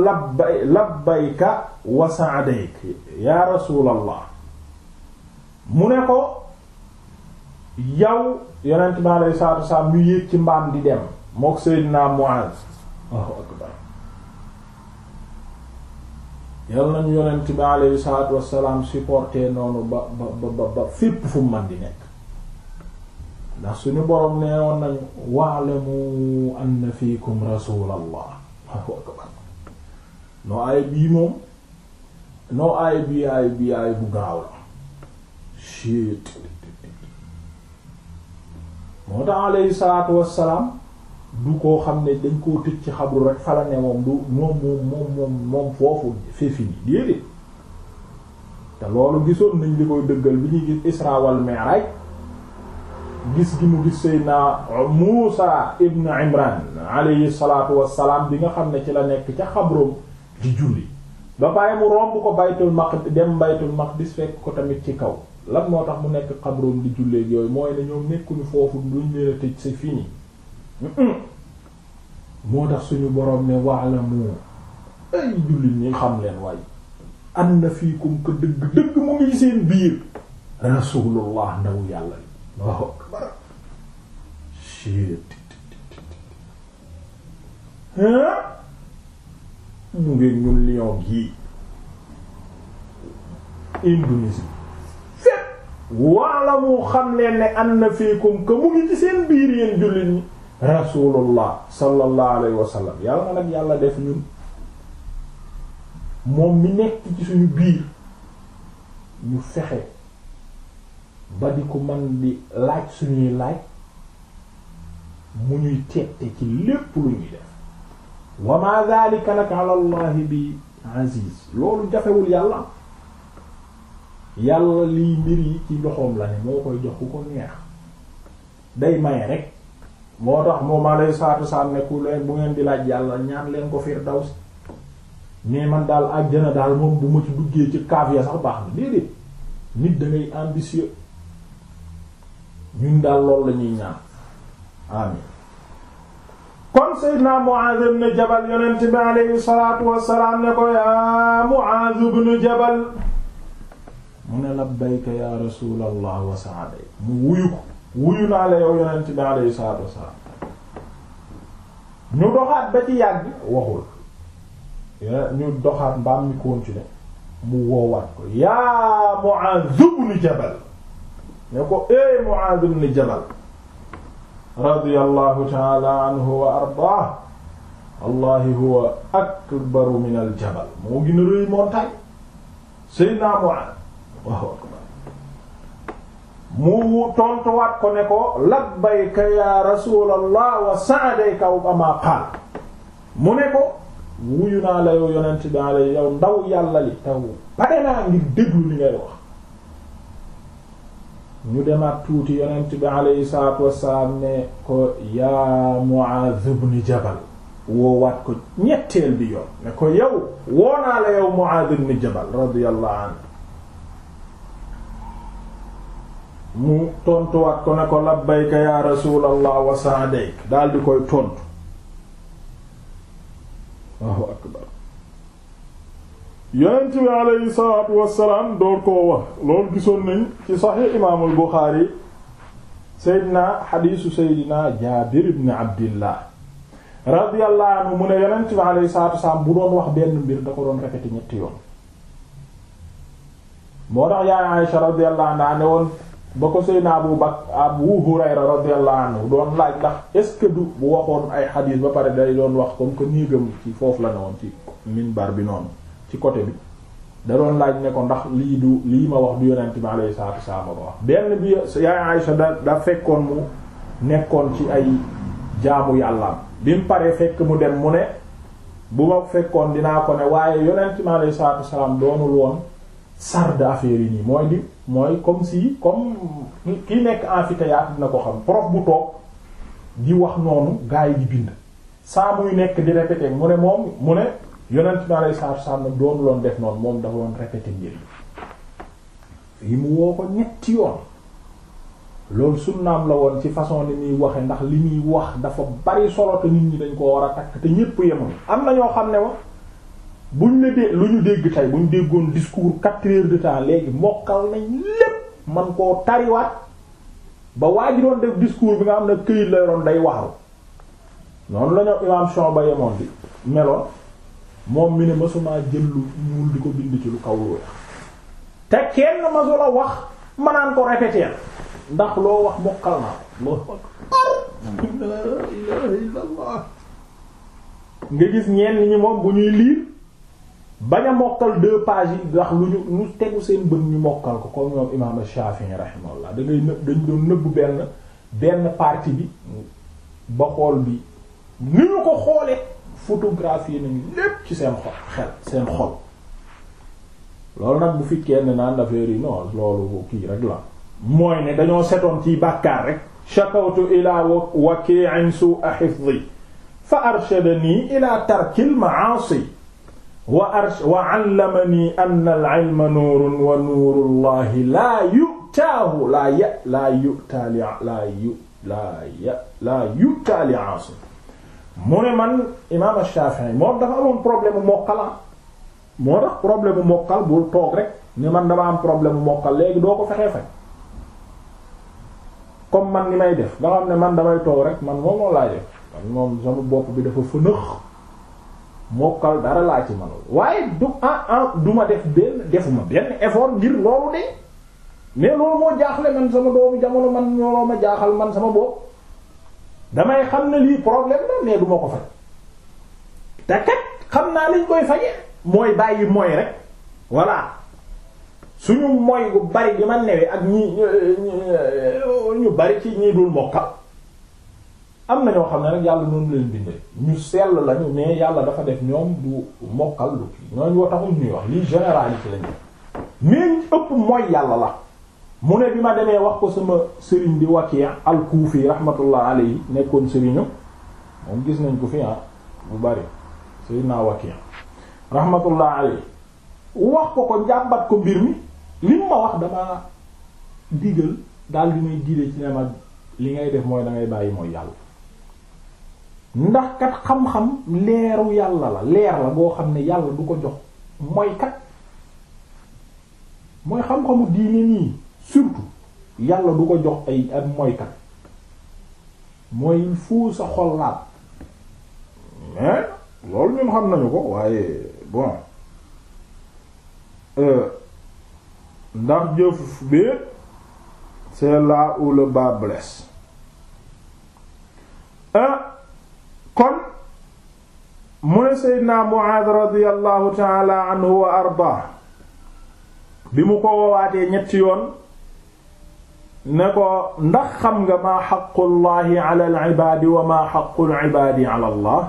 labbay labbayka wa sa'dayk yaa rasuulallah mu ne ko yow yonent bi alayhi salaatu wasalaam ñu yéeg ci mbaam di dem mook Seydina Muaz Allahu akbar yal nañu yonent bi alayhi salaatu wasalaam supporté noonu ba ba ba ba fépp fu mu di nekk ndax suñu boroom nee woon nañu wa'lamu anna fiikum rasuulallah noo aay bii moom noo aay bii aay bii aay bu gaaw la moo tax alayhi salaatu wassalaam du koo xam ne dañ koo tëj ci xabru rek fala ne moom du moom moom moom moom foofu féfini déedéet te loolu gisoon nañ li koy dëggal bi ñuy gis Isra wal gis gi mu gis Seydina Muusa ibn Imran alayhi salaatu wassalaam bi nga xam ne ci la nekk ca xabroom di julli ba bàyyi mu romb ko baytul maqdis dem baytul maqdis fekk ko tamit ci kaw lan moo tax mu nekk xabroom di julleek yooyu mooy ne ñoom nekkuñu foofu luñ leen a tëj c'est fini moo tax suñu boroom ne waalamu ay jullit ñi xam leen waaye am na fiikum ko dëgg dëgg mu ngi seen biir rasulullah ndaw yàlla li waaw akbar mu ngi ñun lion gii Indonésie waalamu xam leen ne anna fiikum que mu ngi ci seen biir yéen jullit ñi rasulullah sallallahu alayhi wa sallam yàlla na nag yàlla def ñun moom mi nekk ci suñu biir ñu fexe ba di ko man di laaj suñuy laaj mu ñuy tette ci lépp lu ñuy def wa ma nag ala bi aziz loolu jafewul yàlla yàlla liy mbir yi ci loxoom la ne moo koy jox ku ko neex day maye rek moo tax moom alay saatu saam ne leen bu ngeen di laaj yàlla ñaan leen ko firdaws mais man daal àjjana daal moom bu ma ci duggee ci kaaf ya sax baax na déedéet nit da ngay ñun daal loolu la ñaan amin kon Seydina Mu'aaz ibn Jabal yonent bi ko yaa Mu'aaz Jabal mu ne labbayka ya rasulallah wa sa'day mu wuyu ko wuyu naa la yow yonent bi alayhi salaatu wasalaam ñu doxaat ba ci yàgg waxul mu woowaat ko yaa Mu'aaz ibn Jabal ne ko eh Mu'aaz ibn Jabal radiyallahu ta'ala anhu wa ardaah wallahi huwa akbaru min al jabal moo gën a rëy montagne Seydina waaw mu tontuwaat ko ne ko labbayka ya rasulallah wa sa'dayka wa ma qaal mu ne ko wuyu naa la yow yonent bi alay yow ndaw yàlla li taw pare naa ngir déglu li ngay wax ñu demaat tuuti yonent bi alayhi salaatu wassalaam ne ko yaa Mu'aaz ibn Jabal woowaat ko ñetteel bi yoon ne ko yow woo naa la yow Mu'aaz ibn Jabal radiyallahu anhu mu tontuwaat ko ne ko labbayka ya rasulallah wa sa'dayk daal di koy tontu Allahu akbar yonent bi aleyhi salaatu wassalaam door koo wax loolu gisoon nañ ci saxiix imaamul Buxaari seydina xadiisu seydina Jaabir ibn Abdillah radiyallahu anhu mu ne yonent bi aleyhi salaatu wassalaam bu doon wax benn mbir da ko doon répété ñetti yoon moo tax yaay Aysa radiyallahu anha ne woon ba ko naa bu Seydina Abu Bakr Abu Hurayra radiyallahu anhu doon laaj ndax est-ce que du bu waxoon ay xadiis ba pare day doon wax comme que néegam ci foofu la ne woon ci minbar bi noonu ci côté bi da doon laaj ne ko ndax lii du lii ma wax du yonent bi alayhi salaatu wasalaam ko wax benn bi yaay Aysa da da fekkoon mu nekkoon ci ay jaamu yàllaam bi mu paree fekk mu dem mu ne bu ma fekkoon dinaa ko ne waaye yonent bi alayhi salaatu wasalaam doonul woon sarde affaire yi nii mooy di mooy comme si comme ki nekk amphithéâtre na ko xam prof bu toog di wax noonu gars yi di bind saa muy nekk di répété mu ne moom mu ne yonent mi alei saatu salaam nag doonu loon def noonu moom dafa doon répété mbir yi mu woo ko ñetti yoon loolu sunnaam la woon ci façon ni muy waxe ndax li muy wax dafa bari solo te nit ñi dañ koo war a takk te ñépp yemuñu am na ñoo xam ne wax bu ne dee lu ñu dégg tey buñ déggoon discours quatre heures de temps léegi mokkal nañ lépp man koo tariwaat ba waa ji doon def discours bi nga am na këyit lay doon day waaru noonu la ñoo imam chon ba yemoon bi meloon moom mi ne masuma jël lu ñuul di ko bind ci lu kaw lu te kenn masula wax manaan ko répéter ndax loo wax mokkal naa ko nga gis ñenn ñi moom bu ñuy liir bañ a mokkal deux pages yi lu ñu ñu tegu seen bët ñu mokkal ko comme ñoom imaam Shafi'i rahimahullah da ngay nëb doon nëbb benn benn partie bi ba xool bi ni ñu ko xoole photographie nañ lépp ci seen xol xel seen xol loolu nag bu fi kenn naan affaire yi loolu kii rek la mooy ne dañoo setoon ci bàkkaar rek shakawtu ila waki'in su'a hifzi fa arshadani ila tarkil ma'asi wa arsh wa allamani anna al-ilma nuurun wa nuurullahi laa yu'taahu laa ya laa yu'taa li laa yu laa ya laa yu'taa li aasim mu ne man imaam Shaafi'i moom dafa amoon problème mu mokkala ah. moo tax problème mu mokkal bul toog rek ni man dama am problème mu mokkal léegi doo ko fexee faj comme man ni may def nga xam ne man damay toog rek man moom moo laa def man moom sama bopp bi dafa fënax mokkal dara laa ci manul waaye du ah ah du ma def benn defuma benn effort ngir loolu de mais loolu moo jaaxle man sama doomu jamono man looloo ma jaaxal man sama bopp damay xam ne lii problème la mais du ko faj te kat xam naa liñ koy faje mooy bàyyi mooy rek voilà suñu mooy bu bari bi ma newee ak ñi ñu bari ci ñi dul mokkal am na ñoo xam ne rek yàlla noonu leen bindee ñu sell lañu mais yàlla dafa def ñoom du mokkal lu kii ñooñu woo taxul ñuy wax lii généralité lañu mais ëpp mooy yàlla la mu ne bi ma demee wax ko sama sëriñ di Waki' al-Kufi rahmatullah yi nekkoon sëriñu moom gis nañ ko fi ah bu bari Seydina Waki' rahmatullah alayhi wax ko ko njàmbat ko mbir mi li mu ma wax damaa digal daal di may diile ci ne ma li ngay def mooy da ngay bàyyi mooy yàlla. ndax kat xam-xam leeru yàlla la leer la boo xam ne yàlla du ko jox mooy kat mooy xam-xamu diine nii surtout yàlla du ko jox ay ak moykat mooy il sa xol laat mais loolu ñun xam nañu ko waaye bon euh, ndax jëf bi c'est là où le bas kon mu ne Seydina Muaad radiyallahu taala wa ardaa bi mu ko woowaatee ñetti yoon ne ko ndax xam nga maa xaqullahi ala al ibaadi wa maa xaqul ibaadi ala allah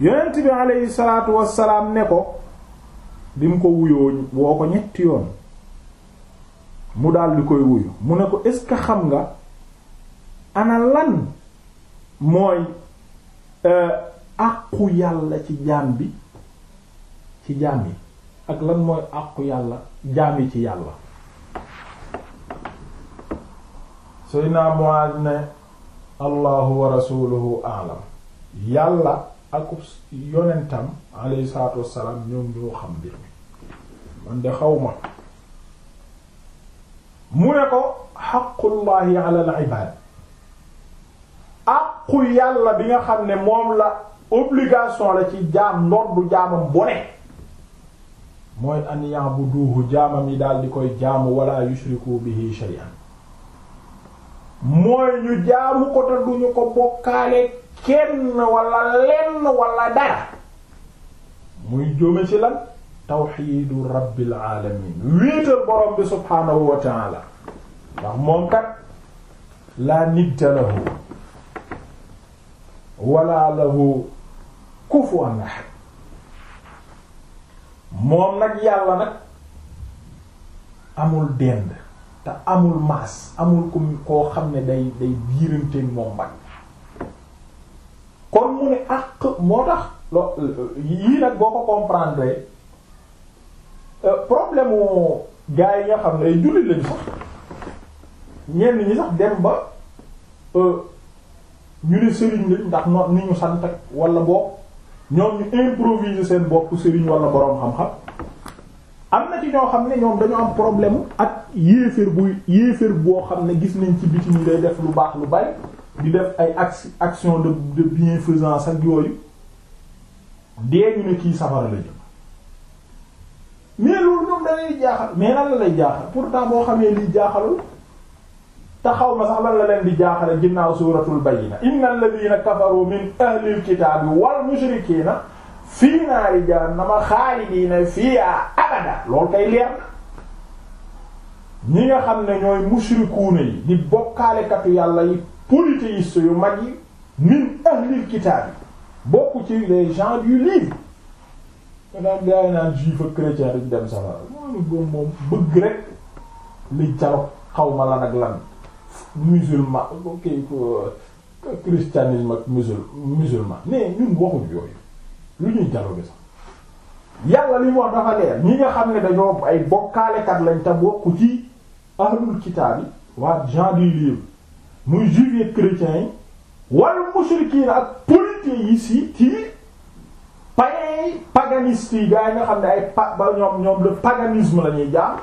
yonent bi ne ko bi mu ko wuyoo woo ko ñetti yoon mu daldi koy wuyu mu ne ko est xam nga ana lan mooy euh, àqu yàlla ci jaam bi ci jaam yi ak lan mooy àqu yàlla jaam yi ci yàlla Seydina Muaz ne allahu wa rasuluhu aalam yàlla ak yonentam alayhi salaatu wassalaam ñoom ñoo xam mbir mi man de xaw ma mu ne ko xaqullahi ala al àqu yàlla bi nga xam ne moom la obligation la ci jaam noddu jaamam bu ne mooy bu ya'buduhu jaamam yi daal di koy jaamu wala yushriku bihi shay'an mooy ñu jaamu ko te duñu ko bokkaale kenn wala lenn wala dara muy jóome ci lan tawxiidu rabbil alamin wéetal borom bi subhaanahu wa ndax moom kat laa nidda lahu wala lahu kufuwan ahad moom nag yàlla nag amul dend te amul maas amul ku koo xam ne day day biirante moom bañ kon mu ne àq moo tax lo yii nag boo ko comprendre euh, problème wu gars yi nga xam ne ay jullit lañu sax ñenn ñi sax dem ba euh, ñu ne sëriñ lañ ndax no ni ñu sant ak wala bopp ñoom ñu improviser seen bopp sëriñ wala boroom xam-xam am na ci ñoo xam ne ñoom dañu am problème ak yéeféer buy yéeféer boo xam ne gis nañ ci biti ñu day def lu baax lu bari di def ay action action de de bienfaisance ak yooyu dee ñu ne kii safara la mais loolu ñoom da lay jaaxal mais lan la lay jaaxal pourtant boo xamee liy jaaxalul te xaw ma sax lan la leen di jaaxale ginnaaw suuratul bayyina innal ladina kafaru min ahlil kitaabi wal mushrikiina fii naari jahannama xaalidiina fiihaa abada loolu kay leer ñi nga xam ne ñooy mushrikuuna yi di bokkaalekatu yàlla yi polythéistes yu mag yi min ahlil kitaab yi bokk ci les gens du livre te daan gars yi naan juif ak chrétien dañ dem safara moonu góom moom bëgg rek li jalo xaw ma lan lan musulman kii christianisme ak musul musulman mais ñun waxuñ yooyu lu ñuy dialogue sax yàlla li wax dafa leer ñi nga xam ne dañoo ay bokkaalekat lañ te bokku ci ahlul kitaab yi waa gens du livre muy juifs et yi yi wal mushrikiin ak polythéistes yi ci païens yi paganistes yi gaa yi nga xam ne ay pa ba ñoom ñoom le paganisme la ñuy jaar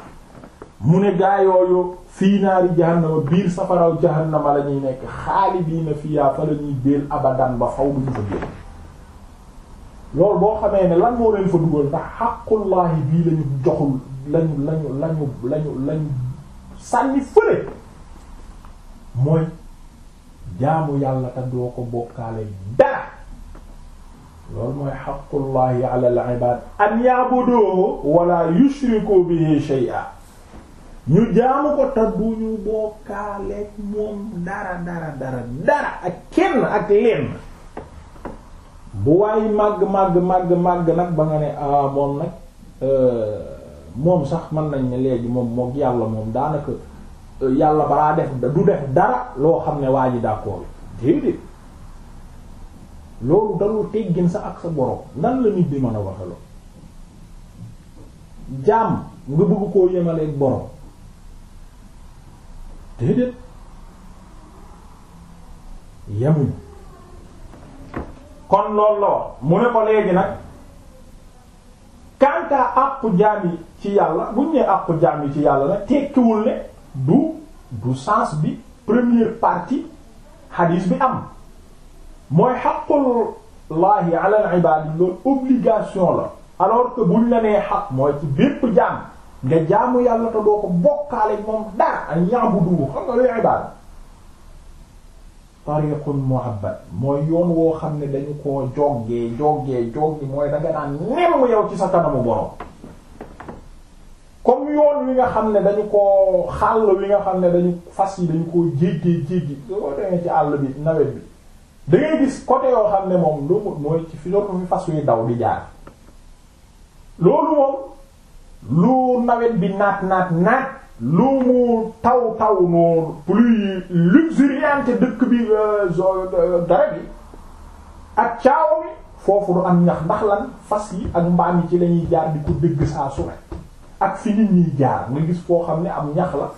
mu ne gaa yooyu fii naari jahannama biir safaraw jahannama la ñuy nekk xaalidiina fiyaa fa la ñuy béel abadan ba faw duñu fa génn loolu boo xamee ne lan moo leen fa dugal ndax xaqullaahi bii lañu joxul lañu lañu lañu lañu lañu sànni mooy jaamu yàlla te doo ko bokkaale dara loolu mooy xaqullaahi ala al ibaad an ya'buduhu wala yushriku bihi shay'a ñu jaamu ko te du ñu bokkaaleeg moom dara dara dara dara ak kenn ak lenn bu waay màgg màgg màgg màgg nag ba nga ne ah moom nag euh, moom sax man nañ ne léegi moom mook yàlla moom daanaka euh, yàlla balaa def du def dara loo xam ne waa ji d'accord déedéet loolu dalul teggin sax ak sa borom nan la nit bi mën a waxeloo jaam nga bëgg koo yemaleeg borom déedéet yemuñu kon loolu la wax mu ne ko léegi nag kantaa àqu jaam ci yàlla buñ nee àqu jaam ci yàlla la tekkiwul ne du du sens bi premier partie hadis bi am mooy xaqul laahi ala al ibaad loolu obligation la alors que buñ la nee xaq mooy ci bépp jaam nga jaamu yàlla te doo ko bokkaale moom dara ay ya'budu xam nga luy ibaada tariqun muhabbad mooy yoon woo xam ne dañu koo joggee joggee joggi mooy danga naan nemm yow ci sa kanamu borom comme yoon wi nga xam ne dañu ko xàll wi nga xam ne dañu fas yi dañu ko jéggee jéggi àll bi nawet bi da gis côté yoo xam ne moom lu mooy fas yuy daw di jaar loolu moom lu nawet bi naat naat naat lu mu taw taw noonu pluie luxuriante dëkk bi euh, euh, dara bi ak caawa mi foofu du am ñax ndax lan fas yi ak mbaam yi ci lañuy jaar di ko dëgg saa su ak fi nit ñuy jaar nga gis foo xam ne am ñax la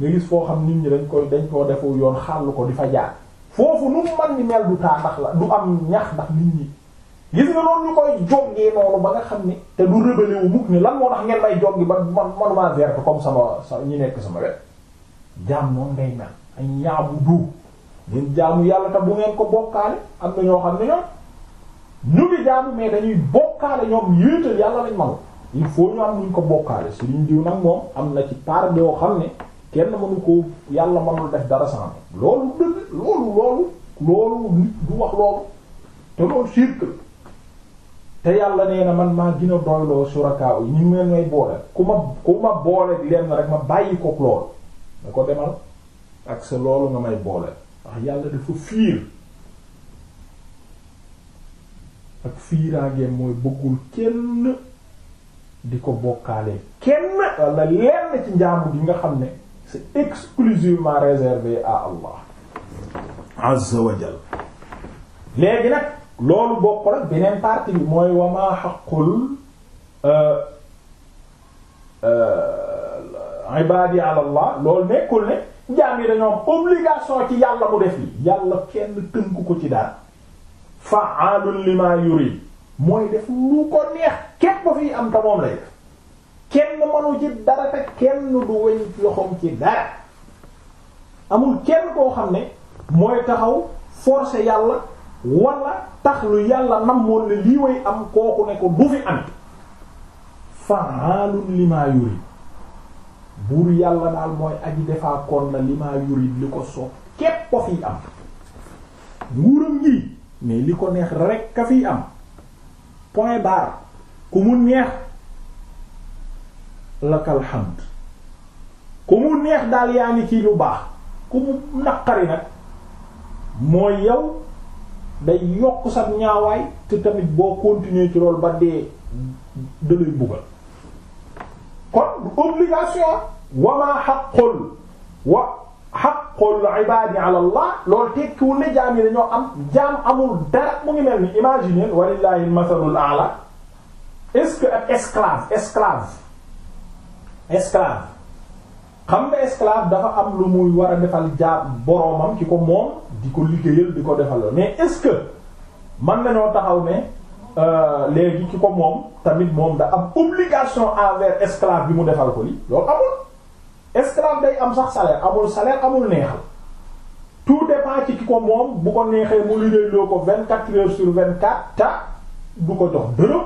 nga gis foo xam nit ñi dañ koy dañ koo defu yoon xàll ko di fa jaar foofu nu man ni mel du taa ndax la du am ñax ndax nit ñi gis nga loolu ñu koy jongee noonu ba nga xam ne te du rébellé wu mukk ni lan moo tax ngeen may jongi ba man manuma verbe comme sama sa ñi nekk sama wet jaam noonu ngay mel ay ñaabu duub ngeen jaamu yàlla te bu ngeen ko bokkaale am na ñoo xam ne ñoom ñu ngi jaamu mais dañuy bokkaale ñoom yéetal yàlla lañ manu il faut ñu am luñ ko bokkaale su ñu diw nag moom am na ci part yoo xam ne kenn mënu ko yàlla mënul def dara sa loolu dëgg loolu loolu loolu loolu te te yàlla nee na man maa gën a doyloo surakaa yi ñu meen may boole ku ma ku ma boole lenn rek ma bàyyi ko lool nga ko demal ak sa loolu nga may boole ndax yàlla dafa fiir ak fiiraageem mooy bëggul kenn di ko bokkaale kenn wala lenn ci njaamu gi nga xam ne c'est exclusivement réservé à Allah azza wa jalla léegi nag loolu bokkul ak beneen partie bi mooy wamaa xaqul euh, euh, ibaadi ala allah loolu nekkul ne jaam yi dañoo am obligation ci yàlla mu def li yàlla kenn tënk ko ci dara fa'aalun lima yurid mooy def lu ko neex képp ba fi am te moom lay def kenn mënu ci dara te kenn du weñ loxoom ci dara amul kenn koo xam ne mooy taxaw forcer yàlla wala tax lu yàlla namoon ne lii way am kooku ne ko du fi am fa'aalun limaa yurid buur yàlla daal mooy aji defaa kon na limaa yurid li ko soob képp ko fiy am nguuram gi mais li ko neex rek ka fiy am point barre ku mu neex lakal hamd ku mu neex daal yaa ngi ci lu baax ku mu naqari nag mooy yow day yokk sa ñaawaay te tamit boo continuer ci loolu ba dee dalay buggal kon obligation wa maa xaqul wa xaqul ibaadi ala xam nga dafa am lu muy war a defal jaam boroomam ki ko moom di ko liggéeyal di ko defal la mais est-ce que man nañoo taxaw ne euh, léegi ki ko moom tamit moom da am obligation envers esclave bi mu defal ko li loolu amul esclave day am sax salaire amul salaire amul neexal tout dépend ci ki ko moom bu ko neexee mu liggéey loo ko vingt quatre heures sur vingt quatre ta du ko jox dërëm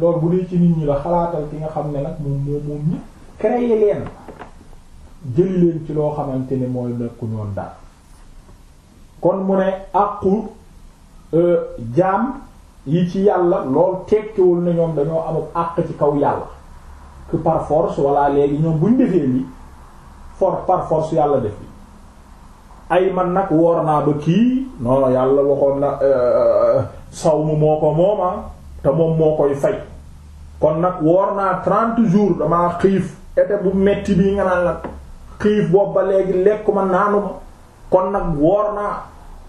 loolu bu dee ci nit ñi la xalaatal ki nga xam ne nag moom moom moom ñi créer leen jëli leen ci loo xamante ni mooy nekkuñu woon dara kon mu ne àqu euh, jaam yi ci yàlla lool tekkiwul nañoom dañoo amul àq ci kaw yàlla que par walla léegi ñoom buñ defee li for par yàlla def li ay man nag woor naa ba kii non yàlla waxoon na euh, euh, saw mu moo ko mooma te moom moo koy fay kon nag woor naa trente jours damaa xiif été bu metti bii nga naan la xiif bopp ba léegi lekkuma naanuma kon nag woor na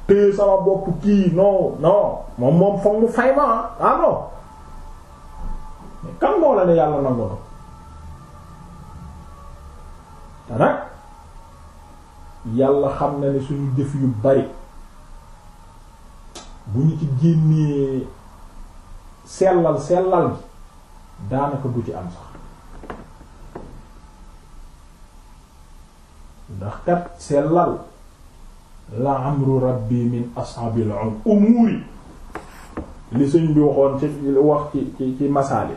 téye sama bopp kii non non moom moom foog mu fay ma ah, ah non moo la ne yàlla nangu na te nag yàlla xam na ne suñu jëf yu bari bu ñu ci génnee sellal sellal daanaka du am sax ndax kat sellal la amru rabbi min ashabil umuri li sëñ bi waxoon ci wax ci ci masaali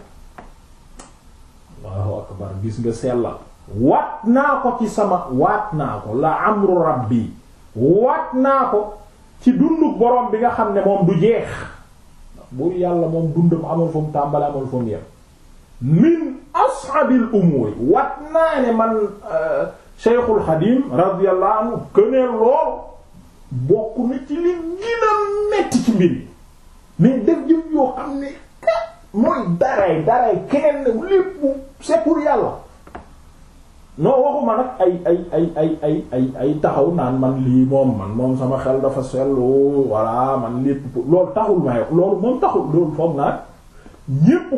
allahu akbar gis nga sellal waat naa ko ci sama waat naa ko la amru rabbi waat naa ko ci dundu borom bi nga xam ne moom du jeex bu yàlla moom dundam amul fu mu amul fu yem min ashabil umuri waat naa ne man euh, Cheikhul Xadim radiyallahu anhu lool bokk na ci li gën a metti ci mbir yi mais def jëf yoo xam ne mooy daray daray keneen lépp c'est yàlla noo waxuma nag ay ay ay ay ay taxaw naan man lii moom man moom sama xel dafa sellu voilà man lépp loolu taxul may wax loolu moom taxul loolu foog naa ñépp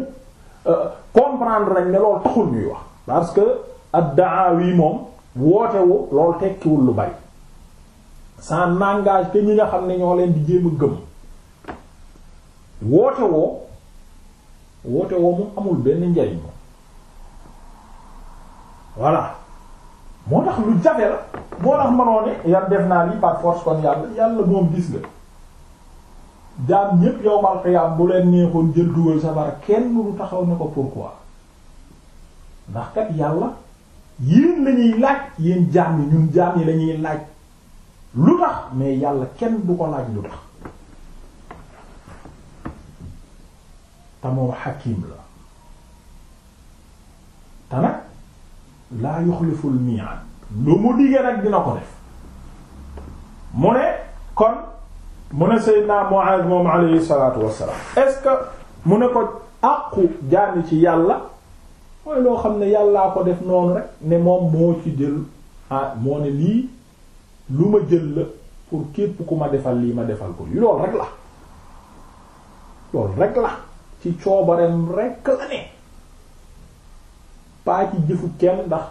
euh, comprendre nañ ne loolu taxul ñuy wax parce que ad-da'awi moom wootewu loolu tekkiwul lu bari sa n'engage que ñi nga xam ne ñoo leen di jéem a gëm woote woo woote woo moom amul benn njariñ moom voilà moo tax lu jafe la moo tax mënoo ne yar def naa lii par force yàlla yàlla moom gis nga jaam ñépp yow mal bu leen neexoon jël dugal safara kenn lu taxaw ne ko pourquoi ndax kat yàlla yéen lañuy laaj yéen jaam yi ñun jaam yi lañuy laaj lu tax mais yàlla kenn bu ko laaj lu tax te moom la te laa yuxliful mi'ad lu mu digee nag dina ko def mu ne kon mu ne Seydina Mu'aaz moom alayhi salaatu wassalaam est-ce que mu ne ko àqu jaami ci yàlla mooy loo xam ne yàllaa ko def noonu rek ne moom moo ci jël ah moo ne lii lu ma jël la pour képp ku ma defal lii ma defal ko lii loolu rek la loolu rek la ci coobareem rek la ne pas ci jëfu kenn ndax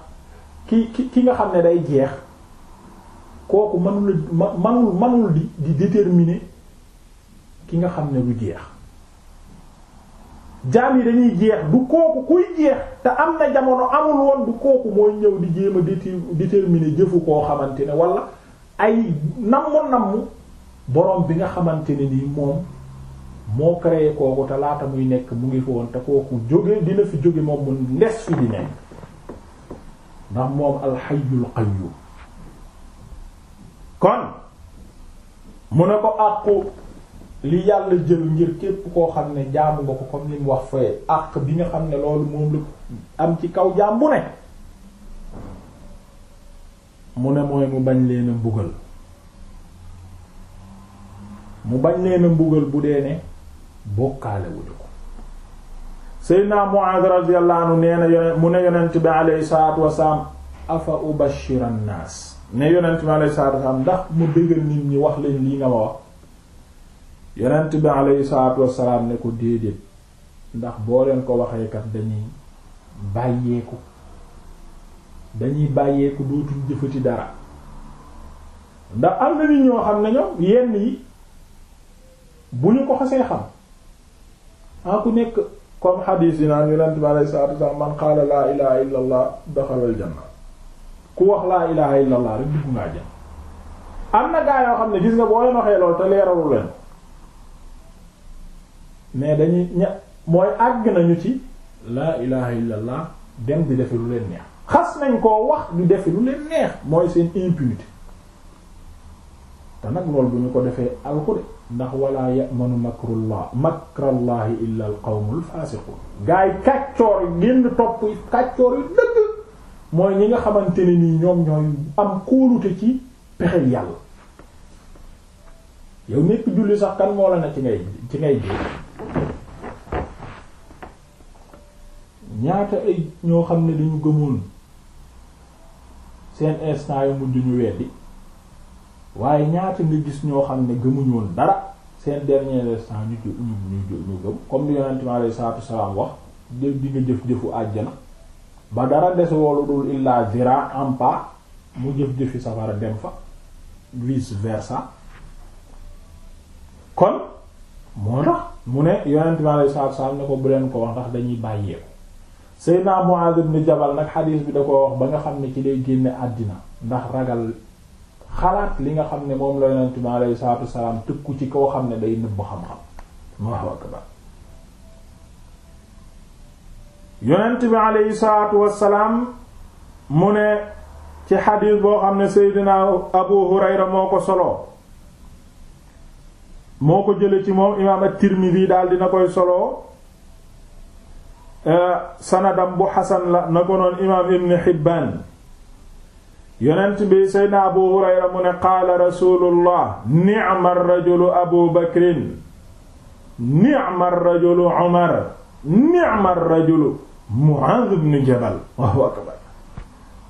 ki ki ki nga xam ne day jeex kooku manula manul manul di di déterminer ki nga xam ne du jeex jaam yi dañuy jeex du kooku kuy jeex te am na jamono amul woon du kooku mooy ñëw di jéem a déterminer jëfu koo xamante ne wala ay namm namm borom bi nga xamante ne nii moom moo créé kooku talaata muy nekk mu ngi fi woon te kooku jóge dina fi jóge moom mu ndes fi di nekk ndax moom alxayyul qayyum kon mu ne ko àqu li yàlla jël ngir képp koo xam ne jaamu nga ko comme li wax fee àq bi nga xam ne loolu moom la am ci kaw jaam ne mu ne mooy mu bañ leen mbugal mu bañ leen a mbugal bu dee ne bokkaale wuñu ko Seydina Muaz radiyallahu anhu nee na mu ne yonent bi alayhi salaatu wasalaam afa ubashira an naas ne yonent bi alayhi salaatu wasalaam ndax mu bégal nit ñi wax leen lii nga ma wax yonent bi alayhi salaatu wassalaam ne ko déedéet ndax boo leen ko waxee kat dañuy bàyyeeku dañuy bàyyeeku dootul jëfati dara ndax am na nit ñoo xam ne ñoom yenn yi bu ñu ko xasee xam en ah ku nekk comme xadiis yi naan yonent bi alayhi salaatu wassalaam man qaala laa ilaha illa daxalal janna ku wax laa ilaha illa allah rek dugg ngaa jëm am na gaa yoo xam ne gis nga boo leen waxee loolu te leeralu leen mais dañuy ña mooy àgg nañu ci laa ilaha illallah dem di defe lu leen neex xas nañ koo wax di defe lu leen neex mooy seen impunité te nag lool bu ñu ko defee alxude ndax wala ya'manu makrullah makrallahi illa al qawmul fasiqun gaay kàccoor yi génn topp kàccoor yi dëgg mooy ñi nga xamante ne nii ñoom ñooy am kóolute ci pexe yàlla yow nekk julli sax kan moo la na ci ngay ci ngay dee ñaata ay ñoo xam ne dañu gëmoon seen instant yu mujj ñu weddi waaye ñaata nga gis ñoo xam ne gëmuñu woon dara seen dernier instant ñu ñu ñu gëm comme li yonent mi alayhi salaatu salaam wax jëf di nga jëf jëfu àjjana ba dara des woolu dul illaa zira ampa mu jëf jëfi safara dem fa vice versa kon moo tax mu ne yonent mi alayhi salaatu salaam ne ko bu leen ko wax ndax dañuy bàyyeeku Seydina Muaaz ibn Jabal nag xadiis bi da ko wax ba nga xam ne ci lay génne àddina ndax ragal xalaat li nga xam ne moom la yonent bi alayhi salaatu wasalaam tëkku ci koo xam ne day nëbb xam-xam Allahu mu ne ci xadiis boo xam ne Seydina Abu Hurayra moo ko solo moo ko jële ci moom imaam at-Tirmidhi daal dina koy solo Eh, sanadam bu xasan la na ko noon imaam ibn Hibbaan yonent bi seydna abu hurayra mu ne qaala rasulullah ni'ma rajulu abu bakrin ni'ma rajulu umar ni'ma rajulu mu'aaz ibn jabal waaw akbar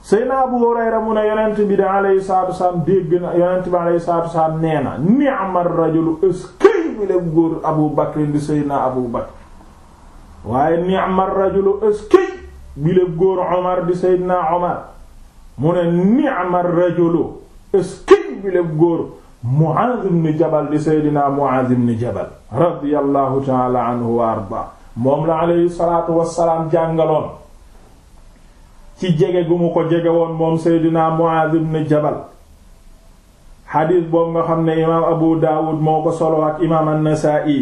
seydna abu hurayra mu ne yonent bi da alayhi salaatu wasalaam dégg na yonent bi alayhi salaatu wasalaam nee na ni'ma rajulu eskay bi la góor abu bakrin di seydna abu bakr waaye ni'ma rajulu ëskey biléb góor omar di seydina omar mu ne ni'ma rajulu ëskey biléb góor Mu'aaz ibn Jabal di seydina Mu'aaz ibn Jabal radiyallahu ta'ala anhu wa arda moom la aleyhi salaatu wassalaam jàngaloon ci jege gu mu ko jege woon moom seydina Mu'aaz ibn Jabal xadiis boobu nga xam ne imaam Abu Daawud moo ko solo ak imaam An-Nasaa'i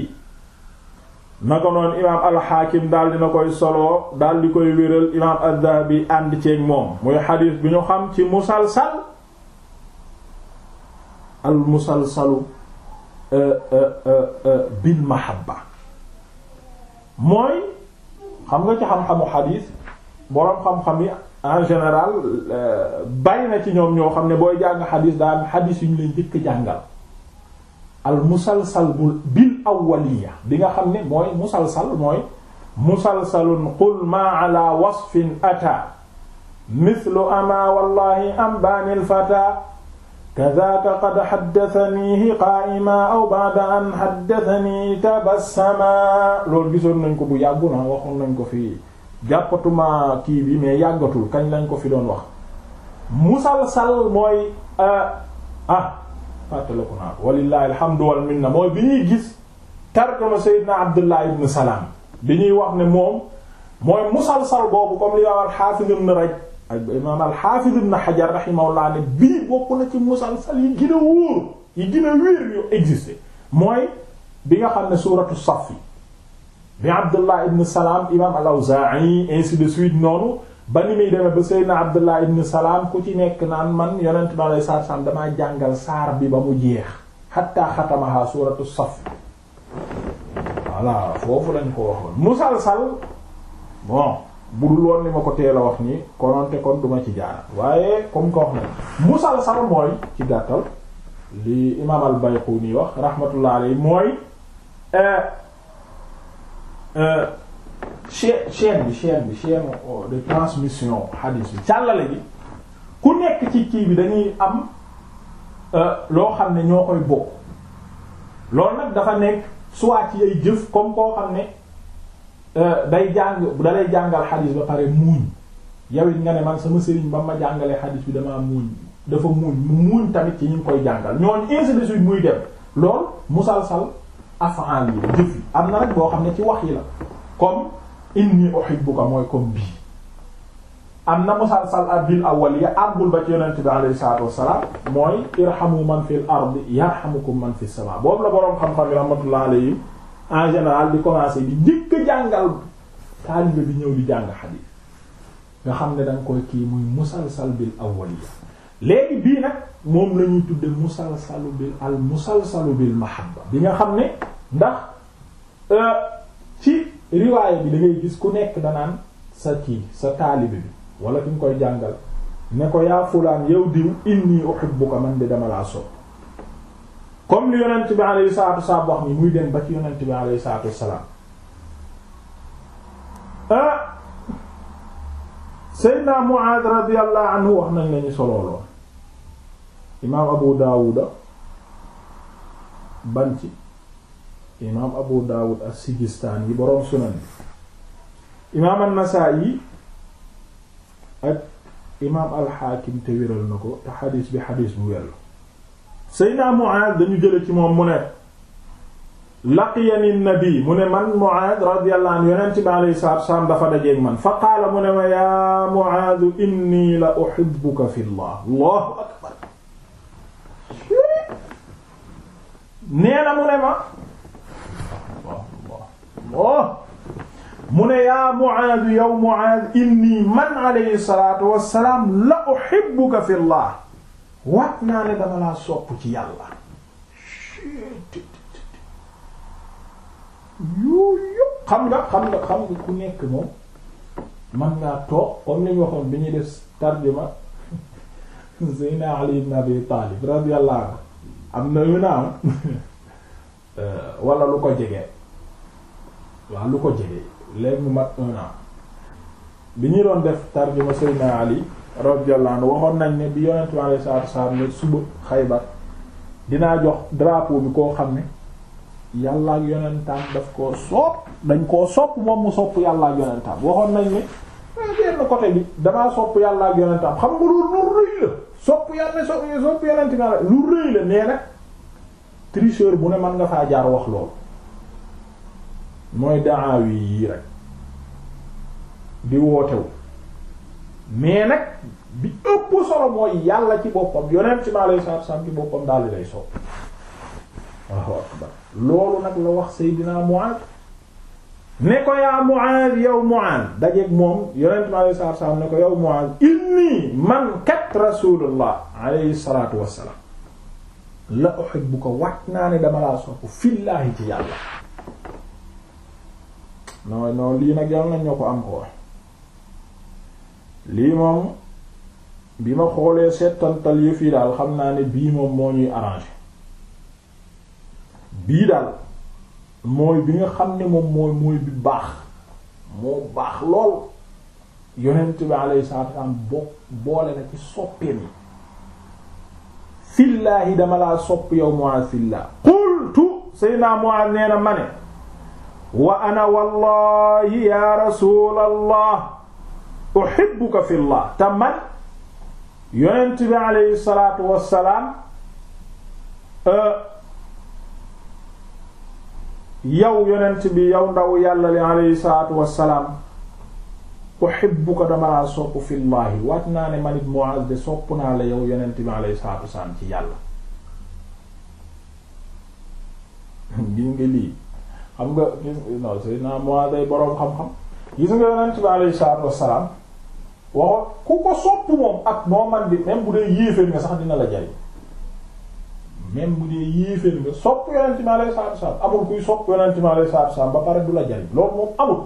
naka noonu imaam alxaakim di na koy solo daal di koy wéral imaam addahabi ànd ceeg moom muy xadiis bu ñu xam ci musalsal al musalsalu euh, euh, euh, bil mahabba mooy xam nga ci xam-xamu xadiis boroom xam-xam yi en général bari na ci ñoom ñoo xam ne booy jàng xadiis daa am xadiis yu ñu leen jëkk jàngal al musalsal bu bil awwaliya bi nga xam ne mooy musalsal mooy musalsalun qul ma ala wasfin ata mithlu ama wallahi am baanil fata kadaka qad xaddatanihi qaa'ima aw ba'da an xaddatani tabassama loolu gisoon nañ ko bu yàggu na waxoon nañ ko fi jàppatuma kii bi mais yàggatul kañ lañ ko fi doon wax musalsal mooy euh, ah fàttaliku naa ko walillahi alhamdu wal mooy bi ñuy gis tarkama Seydina Abdullah ibn Salam bi ñuy wax ne moom mooy musalsal boobu comme li imaam al-Hafiz ibn Raj ak imaam al-Hafiz ibn Hajar rahimahullah ne bii bokk na ci musalsal yi gën a wóor yi gën a wér yu existé mooy bi nga xam ne suuratu Saff bi Abdullah ibn Salam imaam al-Awza'i ainsi de noonu ba ni muy demee ba Seydina Abdullah ibn Salaam ku ci nekk naan man yonent bi alei salaam damaa jàngal saar bi ba mu jeex xatta xatamaha suratu saf voilà foofu lañ ko waxoon musalsal bon bu dul woon li ma ko teel a wax nii kononte kon duma ci jaar waaye comme ko wax na musalsal mooy ci gàttal li imaam al-Bayquni wax rahmatullah alayhi mooy euh, euh, chaîne chaîne bi chaîne bi chaîne oh, de transmission hadith bi càllale gi ku nekk ci kii bi dañuy am euh, loo xam ne ñoo koy bokk lool nag dafa nekk soit ci ay jëf comme koo xam ne euh, day jàng dalay jàngal hadith ba pare muuñ yow nga ne man sama sëriñ ba ma jàngalee hadith bi damaa muuñ dafa muuñ muuñ tamit ci ñu ngi koy jàngal ñooñu ainsi muy dem lool musalsal afaan yi jëf yi am na rek boo xam ne ci wax yi la comme inni ko mooy comme bii am na musalsal ak bil awwal ya ba ci yonent bi alayhi salaatu wassalaam mooy irhamu man fil ardi yarhamukum man fis samaa boobu la boroom xam-xam yi rahmatullah alayhi en général di commencé di njëkk jàngal taalibe bi ñëw di jàng xadiis nga xam ne danga koy kii muy musalsal bil awwal ya léegi bii nag moom la ñuy tudde musalsalu bil al musalsalu bil mahabba bi nga xam ne ndax euh, ci riwaaya bi da ngay gis ku nekk danaan sa kii sa taalibe bi wala ki nga koy jàngal ne ko yaa fulaan yow diw inni uhibbuka man de dama laa sopp comme li yonent bi alayhi salaatu wasalaam wax ni muy dem ba ci yonent bi alayhi salaatu wasalaam ah Seydina Muaad radiyallahu anhu wax nañ lañu solooloon imaam Abu Daawuda ban ci imaam abu daawud as-sijistaan yi boroom sunan bi imaam an-nasaa'i ak imaam al-xaakim te wéral na ko te xadiis bi xadiis bu wér la seyna muaaz dañu jële ci moom mu ne laqiyani nabi mu ne man muaaz radiyallahu anhu yonent bi alayhi salaatu wa salaam dafa dajeek man fa qaala mu ne ma yaa muaaz inni la uhibbuka fillah allahu akbar nee na mu ne ma oh mu ne yaa Muaaz yow Muaaz inni man alayhi salaatu wassalaam la uhibbuka fillah waat naa ne dama laa sopp ci yàlla yooyu xam nga xam nga xam nga ku nekk moom man ngaa toog comme ni ñu waxoon bi ñuy def tarjuma Seydina Ali ibn Abi Taalib radiyallahu am na yu naan euh, wala lu ko jege waaw lu ko jege léegi mu mat un bi ñu doon def tarjuma Seydina Ali radiyallahu anhu waxoon nañ ne bi yonent bi alayhi salaatu wasallam ne suba Xaybar dinaa jox drapeau bi koo xam ne yàlla ak yonentam daf koo sopp dañ koo sopp moom mu sopp yàlla ak waxoon nañ ne benn eh, côté bi damaa sopp yàlla ak yonentam xam nga loolu lu rëy la sopp yàlla sopp yonent bi lu rëy la nee tricheur bu ne man nga faa jaar wax loolu mooy daawi yi rek di wootewu mais nag bi ëpp solo mooy yàlla ci boppam yonent ci maa lay saab ci boppam daal di lay sopp waaw akbar loolu nag la wax Seydina Mu'aaz ne ko yaa Mu'aaz yow Mu'aaz dajeeg moom yonent maa lay saab saab ne ko yow Mu'aaz inni man kat rasulullah alayhi salaatu wassalaam la uhibbuka wat naa ne dama laa sopp fillaahi ci yàlla non lii nag yàlla nañ ñoo ko am ko lii moom bi ma xoolee seetantal yëf yi daal xam naa ne bii moom moo ñuy arrangé bii daal mooy bi nga xam ne moom mooy mooy bi baax moo baax lool yonent bi alayhi salaatu wasallam bo boole na ci soppeem yi fillaahi dama laa sopp yow Mu'aaz fillah qultu Seydina Mu'aaz nee na ma ne wa ana wallahi ya rasulallah uhibbuka fillah te man yonent bi aleyhi salaatu wassalaam e, yow yonent bi yow ndaw yàlla li aleyhi salaatu wassalaam uhibbuka dama laa sopp fillaahi waat naa ne manit Muaz de sopp naa la yow yonent bi aleyhi salaatu wassalaam ci yàlla gis nga lii xam nga gis non Seydina Muaaz boroom xam-xam gis nga yonent bi alayhi salaatu wassalaam waxoon ku ko sopp moom ak noo man di même bu dee yéeféer nga sax dina la jariñ même bu dee yéeféer nga sopp yonent bi alayhi salaatu wassalaam amul kuy sopp yonent bi alayhi salaatu ba pare du la jariñ loolu moom amul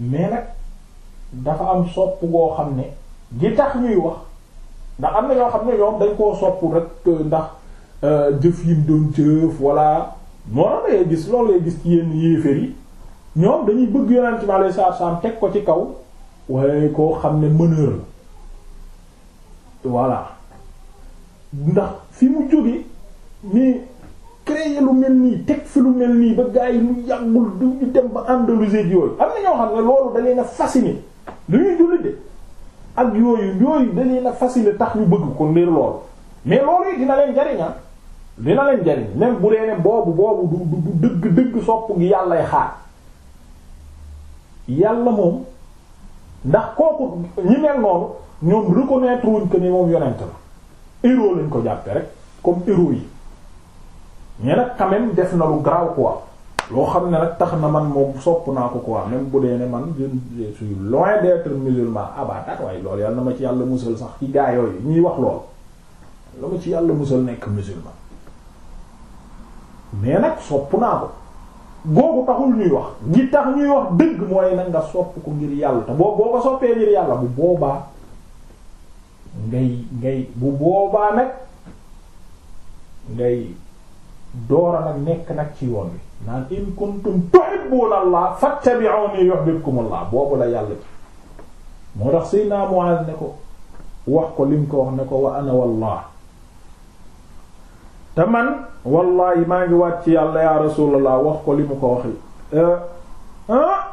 mais nag dafa am sopp goo xam ne gi tax ñuy wax ndax am na ñoo xam ne ñoom dañ koo sopp rek ndax euh, jëf yi mu jëf walla moo tax ngay gis loolu lay gis ci yenn yéeféer yi ñoom dañuy bëgg yonent bi alayhi salaatu salaam teg ko ci kaw waaye koo xam ne meneur la voilà ndax fi mu jóge nii créer lu mel nii teg fi lu mel nii ba gars yi lu yàggul du dem ba Andalousie yooyu am na ñoo xam ne loolu da leen a fasciné lu ñuy julli de ak yooyu yooyu da leen a tax ñu bëgg ko ngir loolu mais loolu yi dina leen jariña dina leen jariñ même bu dee ne boobu boobu du du dëgg dëgg sopp ngi yàllay xaar yàlla moom ndax kooku ñi mel noonu ñoom ko wuñ que ni moom yonent la héros lañ ko jàppe rek comme héros yi mais nag quand def na lu ko quoi loo xam ne nag tax na man moom sopp naa ko ko wax même bu dee ne man je suis loin d'être musulman abadat ah waaye loolu yàlla na ma ci yàlla musal sax ci gaa yooyu ñuy wax lool la ma ci yàlla musal nekk musulman mais nag sopp naa ko googu taxul ñuy wax gi tax ñuy wax dëgg mooy nag nga sopp ko ngir yàlla te boo boo soppee ngir yàlla bu booba ngay ngay bu boobaa nag ngay doora nag nekk nag ci yoon bi naan in kuntum tuhibbuna allah fattabi'uni yuhibbukumullah boobu la yàlla ci moo tax Seydina Muaz ne ko wax ko lim ko wax ne ko wa ana wallah te man wallahi maa ngi ci yàlla ya rasulallah wax ko li mu ko wax yi eh, ah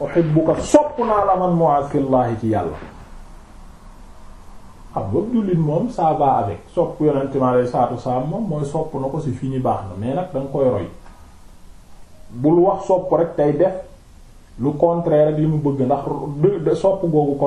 uhibbuka sopp naa la man Mu'aaz fillaahi ci yàlla xam nga jullit moom saaba va avec sopp yonente mi alayhi salaatu wassalaam moom mooy sopp na ko si fi ñu baax na mais nag da nga koy roy bul wax sopp rek tey def lu contraire ak li mu bëgg ndax sopp googu ko